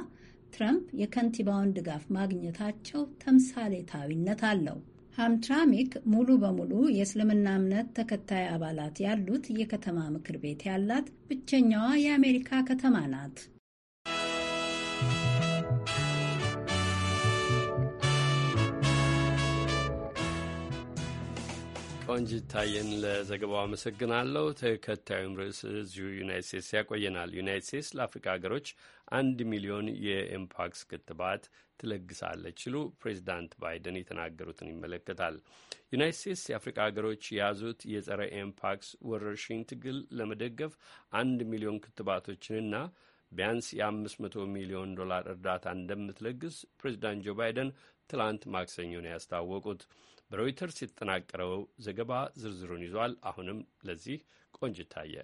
ትራምፕ የከንቲባውን ድጋፍ ማግኘታቸው ተምሳሌታዊነት አለው። ሃምትራሚክ ሙሉ በሙሉ የእስልምና እምነት ተከታይ አባላት ያሉት የከተማ ምክር ቤት ያላት ብቸኛዋ የአሜሪካ ከተማ ናት። ቆንጅ ታየን ለዘገባው አመሰግናለሁ። ተከታዩም ርዕስ እዚሁ ዩናይት ስቴትስ ያቆየናል። ዩናይት ስቴትስ ለአፍሪካ ሀገሮች አንድ ሚሊዮን የኤምፓክስ ክትባት ትለግሳለች ሲሉ ፕሬዚዳንት ባይደን የተናገሩትን ይመለከታል። ዩናይት ስቴትስ የአፍሪካ ሀገሮች የያዙት የጸረ ኤምፓክስ ወረርሽኝ ትግል ለመደገፍ አንድ ሚሊዮን ክትባቶችንና ቢያንስ የ500 ሚሊዮን ዶላር እርዳታ እንደምትለግስ ፕሬዚዳንት ጆ ባይደን ትላንት ማክሰኞ ነው ያስታወቁት። በሮይተርስ የተጠናቀረው ዘገባ ዝርዝሩን ይዟል። አሁንም ለዚህ ቆንጅታየ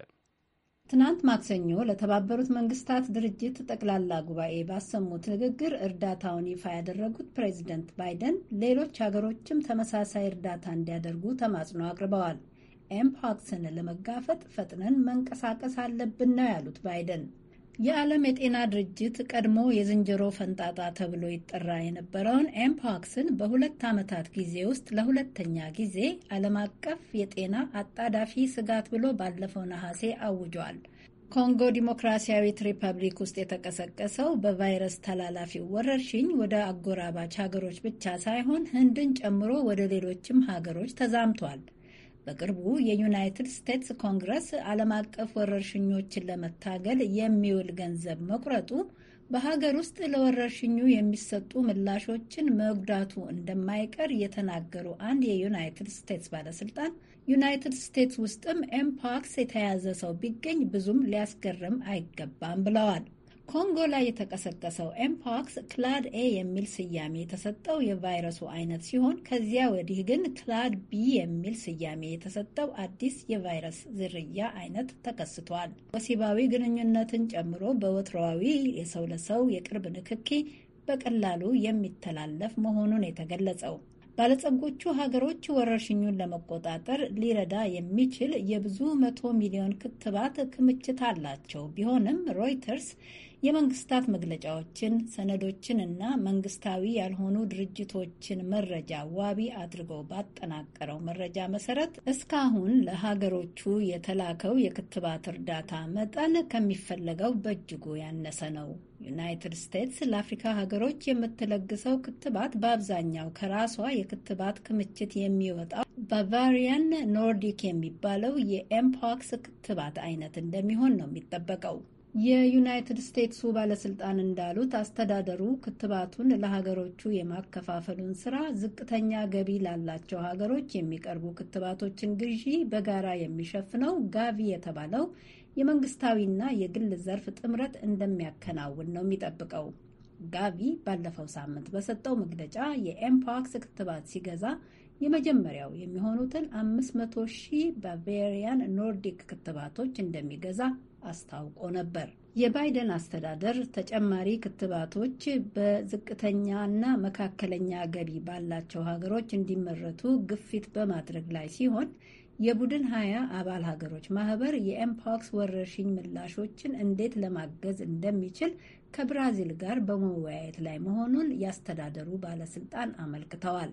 ትናንት ማክሰኞ ለተባበሩት መንግስታት ድርጅት ጠቅላላ ጉባኤ ባሰሙት ንግግር እርዳታውን ይፋ ያደረጉት ፕሬዚደንት ባይደን ሌሎች ሀገሮችም ተመሳሳይ እርዳታ እንዲያደርጉ ተማጽኖ አቅርበዋል። ኤምፖክስን ለመጋፈጥ ፈጥነን መንቀሳቀስ አለብን ነው ያሉት ባይደን። የዓለም የጤና ድርጅት ቀድሞ የዝንጀሮ ፈንጣጣ ተብሎ ይጠራ የነበረውን ኤምፖክስን በሁለት ዓመታት ጊዜ ውስጥ ለሁለተኛ ጊዜ ዓለም አቀፍ የጤና አጣዳፊ ስጋት ብሎ ባለፈው ነሐሴ አውጇል። ኮንጎ ዲሞክራሲያዊት ሪፐብሊክ ውስጥ የተቀሰቀሰው በቫይረስ ተላላፊው ወረርሽኝ ወደ አጎራባች ሀገሮች ብቻ ሳይሆን ህንድን ጨምሮ ወደ ሌሎችም ሀገሮች ተዛምቷል። በቅርቡ የዩናይትድ ስቴትስ ኮንግረስ ዓለም አቀፍ ወረርሽኞችን ለመታገል የሚውል ገንዘብ መቁረጡ በሀገር ውስጥ ለወረርሽኙ የሚሰጡ ምላሾችን መጉዳቱ እንደማይቀር የተናገሩ አንድ የዩናይትድ ስቴትስ ባለስልጣን ዩናይትድ ስቴትስ ውስጥም ኤምፓክስ የተያዘ ሰው ቢገኝ ብዙም ሊያስገርም አይገባም ብለዋል። ኮንጎ ላይ የተቀሰቀሰው ኤምፖክስ ክላድ ኤ የሚል ስያሜ የተሰጠው የቫይረሱ አይነት ሲሆን ከዚያ ወዲህ ግን ክላድ ቢ የሚል ስያሜ የተሰጠው አዲስ የቫይረስ ዝርያ አይነት ተከስቷል። ወሲባዊ ግንኙነትን ጨምሮ በወትሮዊ የሰው ለሰው የቅርብ ንክኪ በቀላሉ የሚተላለፍ መሆኑን የተገለጸው ባለጸጎቹ ሀገሮች ወረርሽኙን ለመቆጣጠር ሊረዳ የሚችል የብዙ መቶ ሚሊዮን ክትባት ክምችት አላቸው። ቢሆንም ሮይተርስ የመንግስታት መግለጫዎችን፣ ሰነዶችን እና መንግስታዊ ያልሆኑ ድርጅቶችን መረጃ ዋቢ አድርጎ ባጠናቀረው መረጃ መሰረት እስካሁን ለሀገሮቹ የተላከው የክትባት እርዳታ መጠን ከሚፈለገው በእጅጉ ያነሰ ነው። ዩናይትድ ስቴትስ ለአፍሪካ ሀገሮች የምትለግሰው ክትባት በአብዛኛው ከራሷ የክትባት ክምችት የሚወጣው ባቫሪያን ኖርዲክ የሚባለው የኤምፖክስ ክትባት አይነት እንደሚሆን ነው የሚጠበቀው። የዩናይትድ ስቴትሱ ባለስልጣን እንዳሉት አስተዳደሩ ክትባቱን ለሀገሮቹ የማከፋፈሉን ስራ ዝቅተኛ ገቢ ላላቸው ሀገሮች የሚቀርቡ ክትባቶችን ግዢ በጋራ የሚሸፍነው ጋቪ የተባለው የመንግስታዊና የግል ዘርፍ ጥምረት እንደሚያከናውን ነው የሚጠብቀው። ጋቪ ባለፈው ሳምንት በሰጠው መግለጫ የኤምፓክስ ክትባት ሲገዛ የመጀመሪያው የሚሆኑትን 500 ሺህ ባቬሪያን ኖርዲክ ክትባቶች እንደሚገዛ አስታውቆ ነበር። የባይደን አስተዳደር ተጨማሪ ክትባቶች በዝቅተኛና መካከለኛ ገቢ ባላቸው ሀገሮች እንዲመረቱ ግፊት በማድረግ ላይ ሲሆን የቡድን ሀያ አባል ሀገሮች ማህበር የኤምፓክስ ወረርሽኝ ምላሾችን እንዴት ለማገዝ እንደሚችል ከብራዚል ጋር በመወያየት ላይ መሆኑን ያስተዳደሩ ባለስልጣን አመልክተዋል።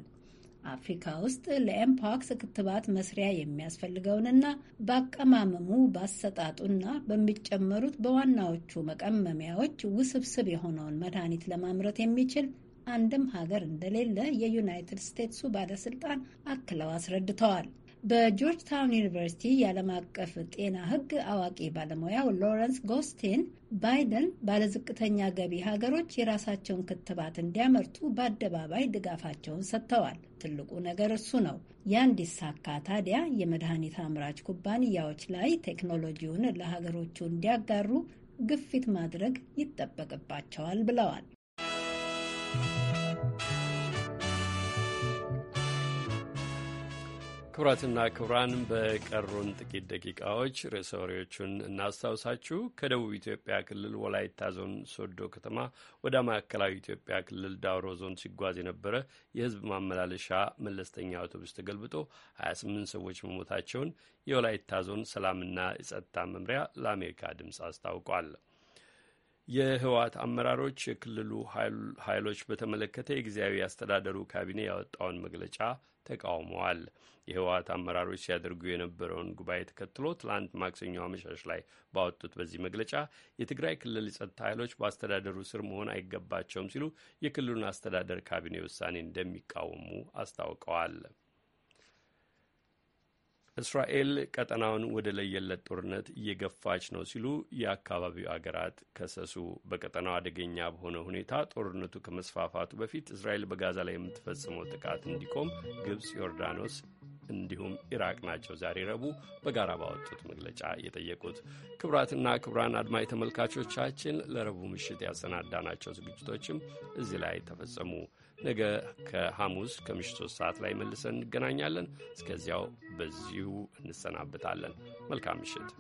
አፍሪካ ውስጥ ለኤምፓክስ ክትባት መስሪያ የሚያስፈልገውንና በአቀማመሙ በአሰጣጡና በሚጨመሩት በዋናዎቹ መቀመሚያዎች ውስብስብ የሆነውን መድኃኒት ለማምረት የሚችል አንድም ሀገር እንደሌለ የዩናይትድ ስቴትሱ ባለስልጣን አክለው አስረድተዋል። በጆርጅ ታውን ዩኒቨርሲቲ የዓለም አቀፍ ጤና ሕግ አዋቂ ባለሙያው ሎረንስ ጎስቲን ባይደን ባለዝቅተኛ ገቢ ሀገሮች የራሳቸውን ክትባት እንዲያመርቱ በአደባባይ ድጋፋቸውን ሰጥተዋል። ትልቁ ነገር እሱ ነው። ያ እንዲሳካ ታዲያ የመድኃኒት አምራች ኩባንያዎች ላይ ቴክኖሎጂውን ለሀገሮቹ እንዲያጋሩ ግፊት ማድረግ ይጠበቅባቸዋል ብለዋል። ክቡራትና ክቡራን በቀሩን ጥቂት ደቂቃዎች ርዕሰ ወሬዎቹን እናስታውሳችሁ። ከደቡብ ኢትዮጵያ ክልል ወላይታ ዞን ሶዶ ከተማ ወደ ማዕከላዊ ኢትዮጵያ ክልል ዳውሮ ዞን ሲጓዝ የነበረ የሕዝብ ማመላለሻ መለስተኛ አውቶቡስ ተገልብጦ 28 ሰዎች መሞታቸውን የወላይታ ዞን ሰላምና የጸጥታ መምሪያ ለአሜሪካ ድምፅ አስታውቋል። የህወሓት አመራሮች የክልሉ ኃይሎች በተመለከተ የጊዜያዊ አስተዳደሩ ካቢኔ ያወጣውን መግለጫ ተቃውመዋል። የህወሀት አመራሮች ሲያደርጉ የነበረውን ጉባኤ ተከትሎ ትላንት ማክሰኞ አመሻሽ ላይ ባወጡት በዚህ መግለጫ የትግራይ ክልል የጸጥታ ኃይሎች በአስተዳደሩ ስር መሆን አይገባቸውም ሲሉ የክልሉን አስተዳደር ካቢኔ ውሳኔ እንደሚቃወሙ አስታውቀዋል። እስራኤል ቀጠናውን ወደ ለየለት ጦርነት እየገፋች ነው ሲሉ የአካባቢው አገራት ከሰሱ። በቀጠናው አደገኛ በሆነ ሁኔታ ጦርነቱ ከመስፋፋቱ በፊት እስራኤል በጋዛ ላይ የምትፈጽመው ጥቃት እንዲቆም ግብፅ፣ ዮርዳኖስ እንዲሁም ኢራቅ ናቸው ዛሬ ረቡዕ በጋራ ባወጡት መግለጫ የጠየቁት። ክቡራትና ክቡራን አድማጭ ተመልካቾቻችን ለረቡዕ ምሽት ያሰናዳናቸው ዝግጅቶችም እዚህ ላይ ተፈጸሙ። ነገ ከሐሙስ ከምሽቱ ሶስት ሰዓት ላይ መልሰን እንገናኛለን። እስከዚያው በዚሁ እንሰናብታለን። መልካም ምሽት።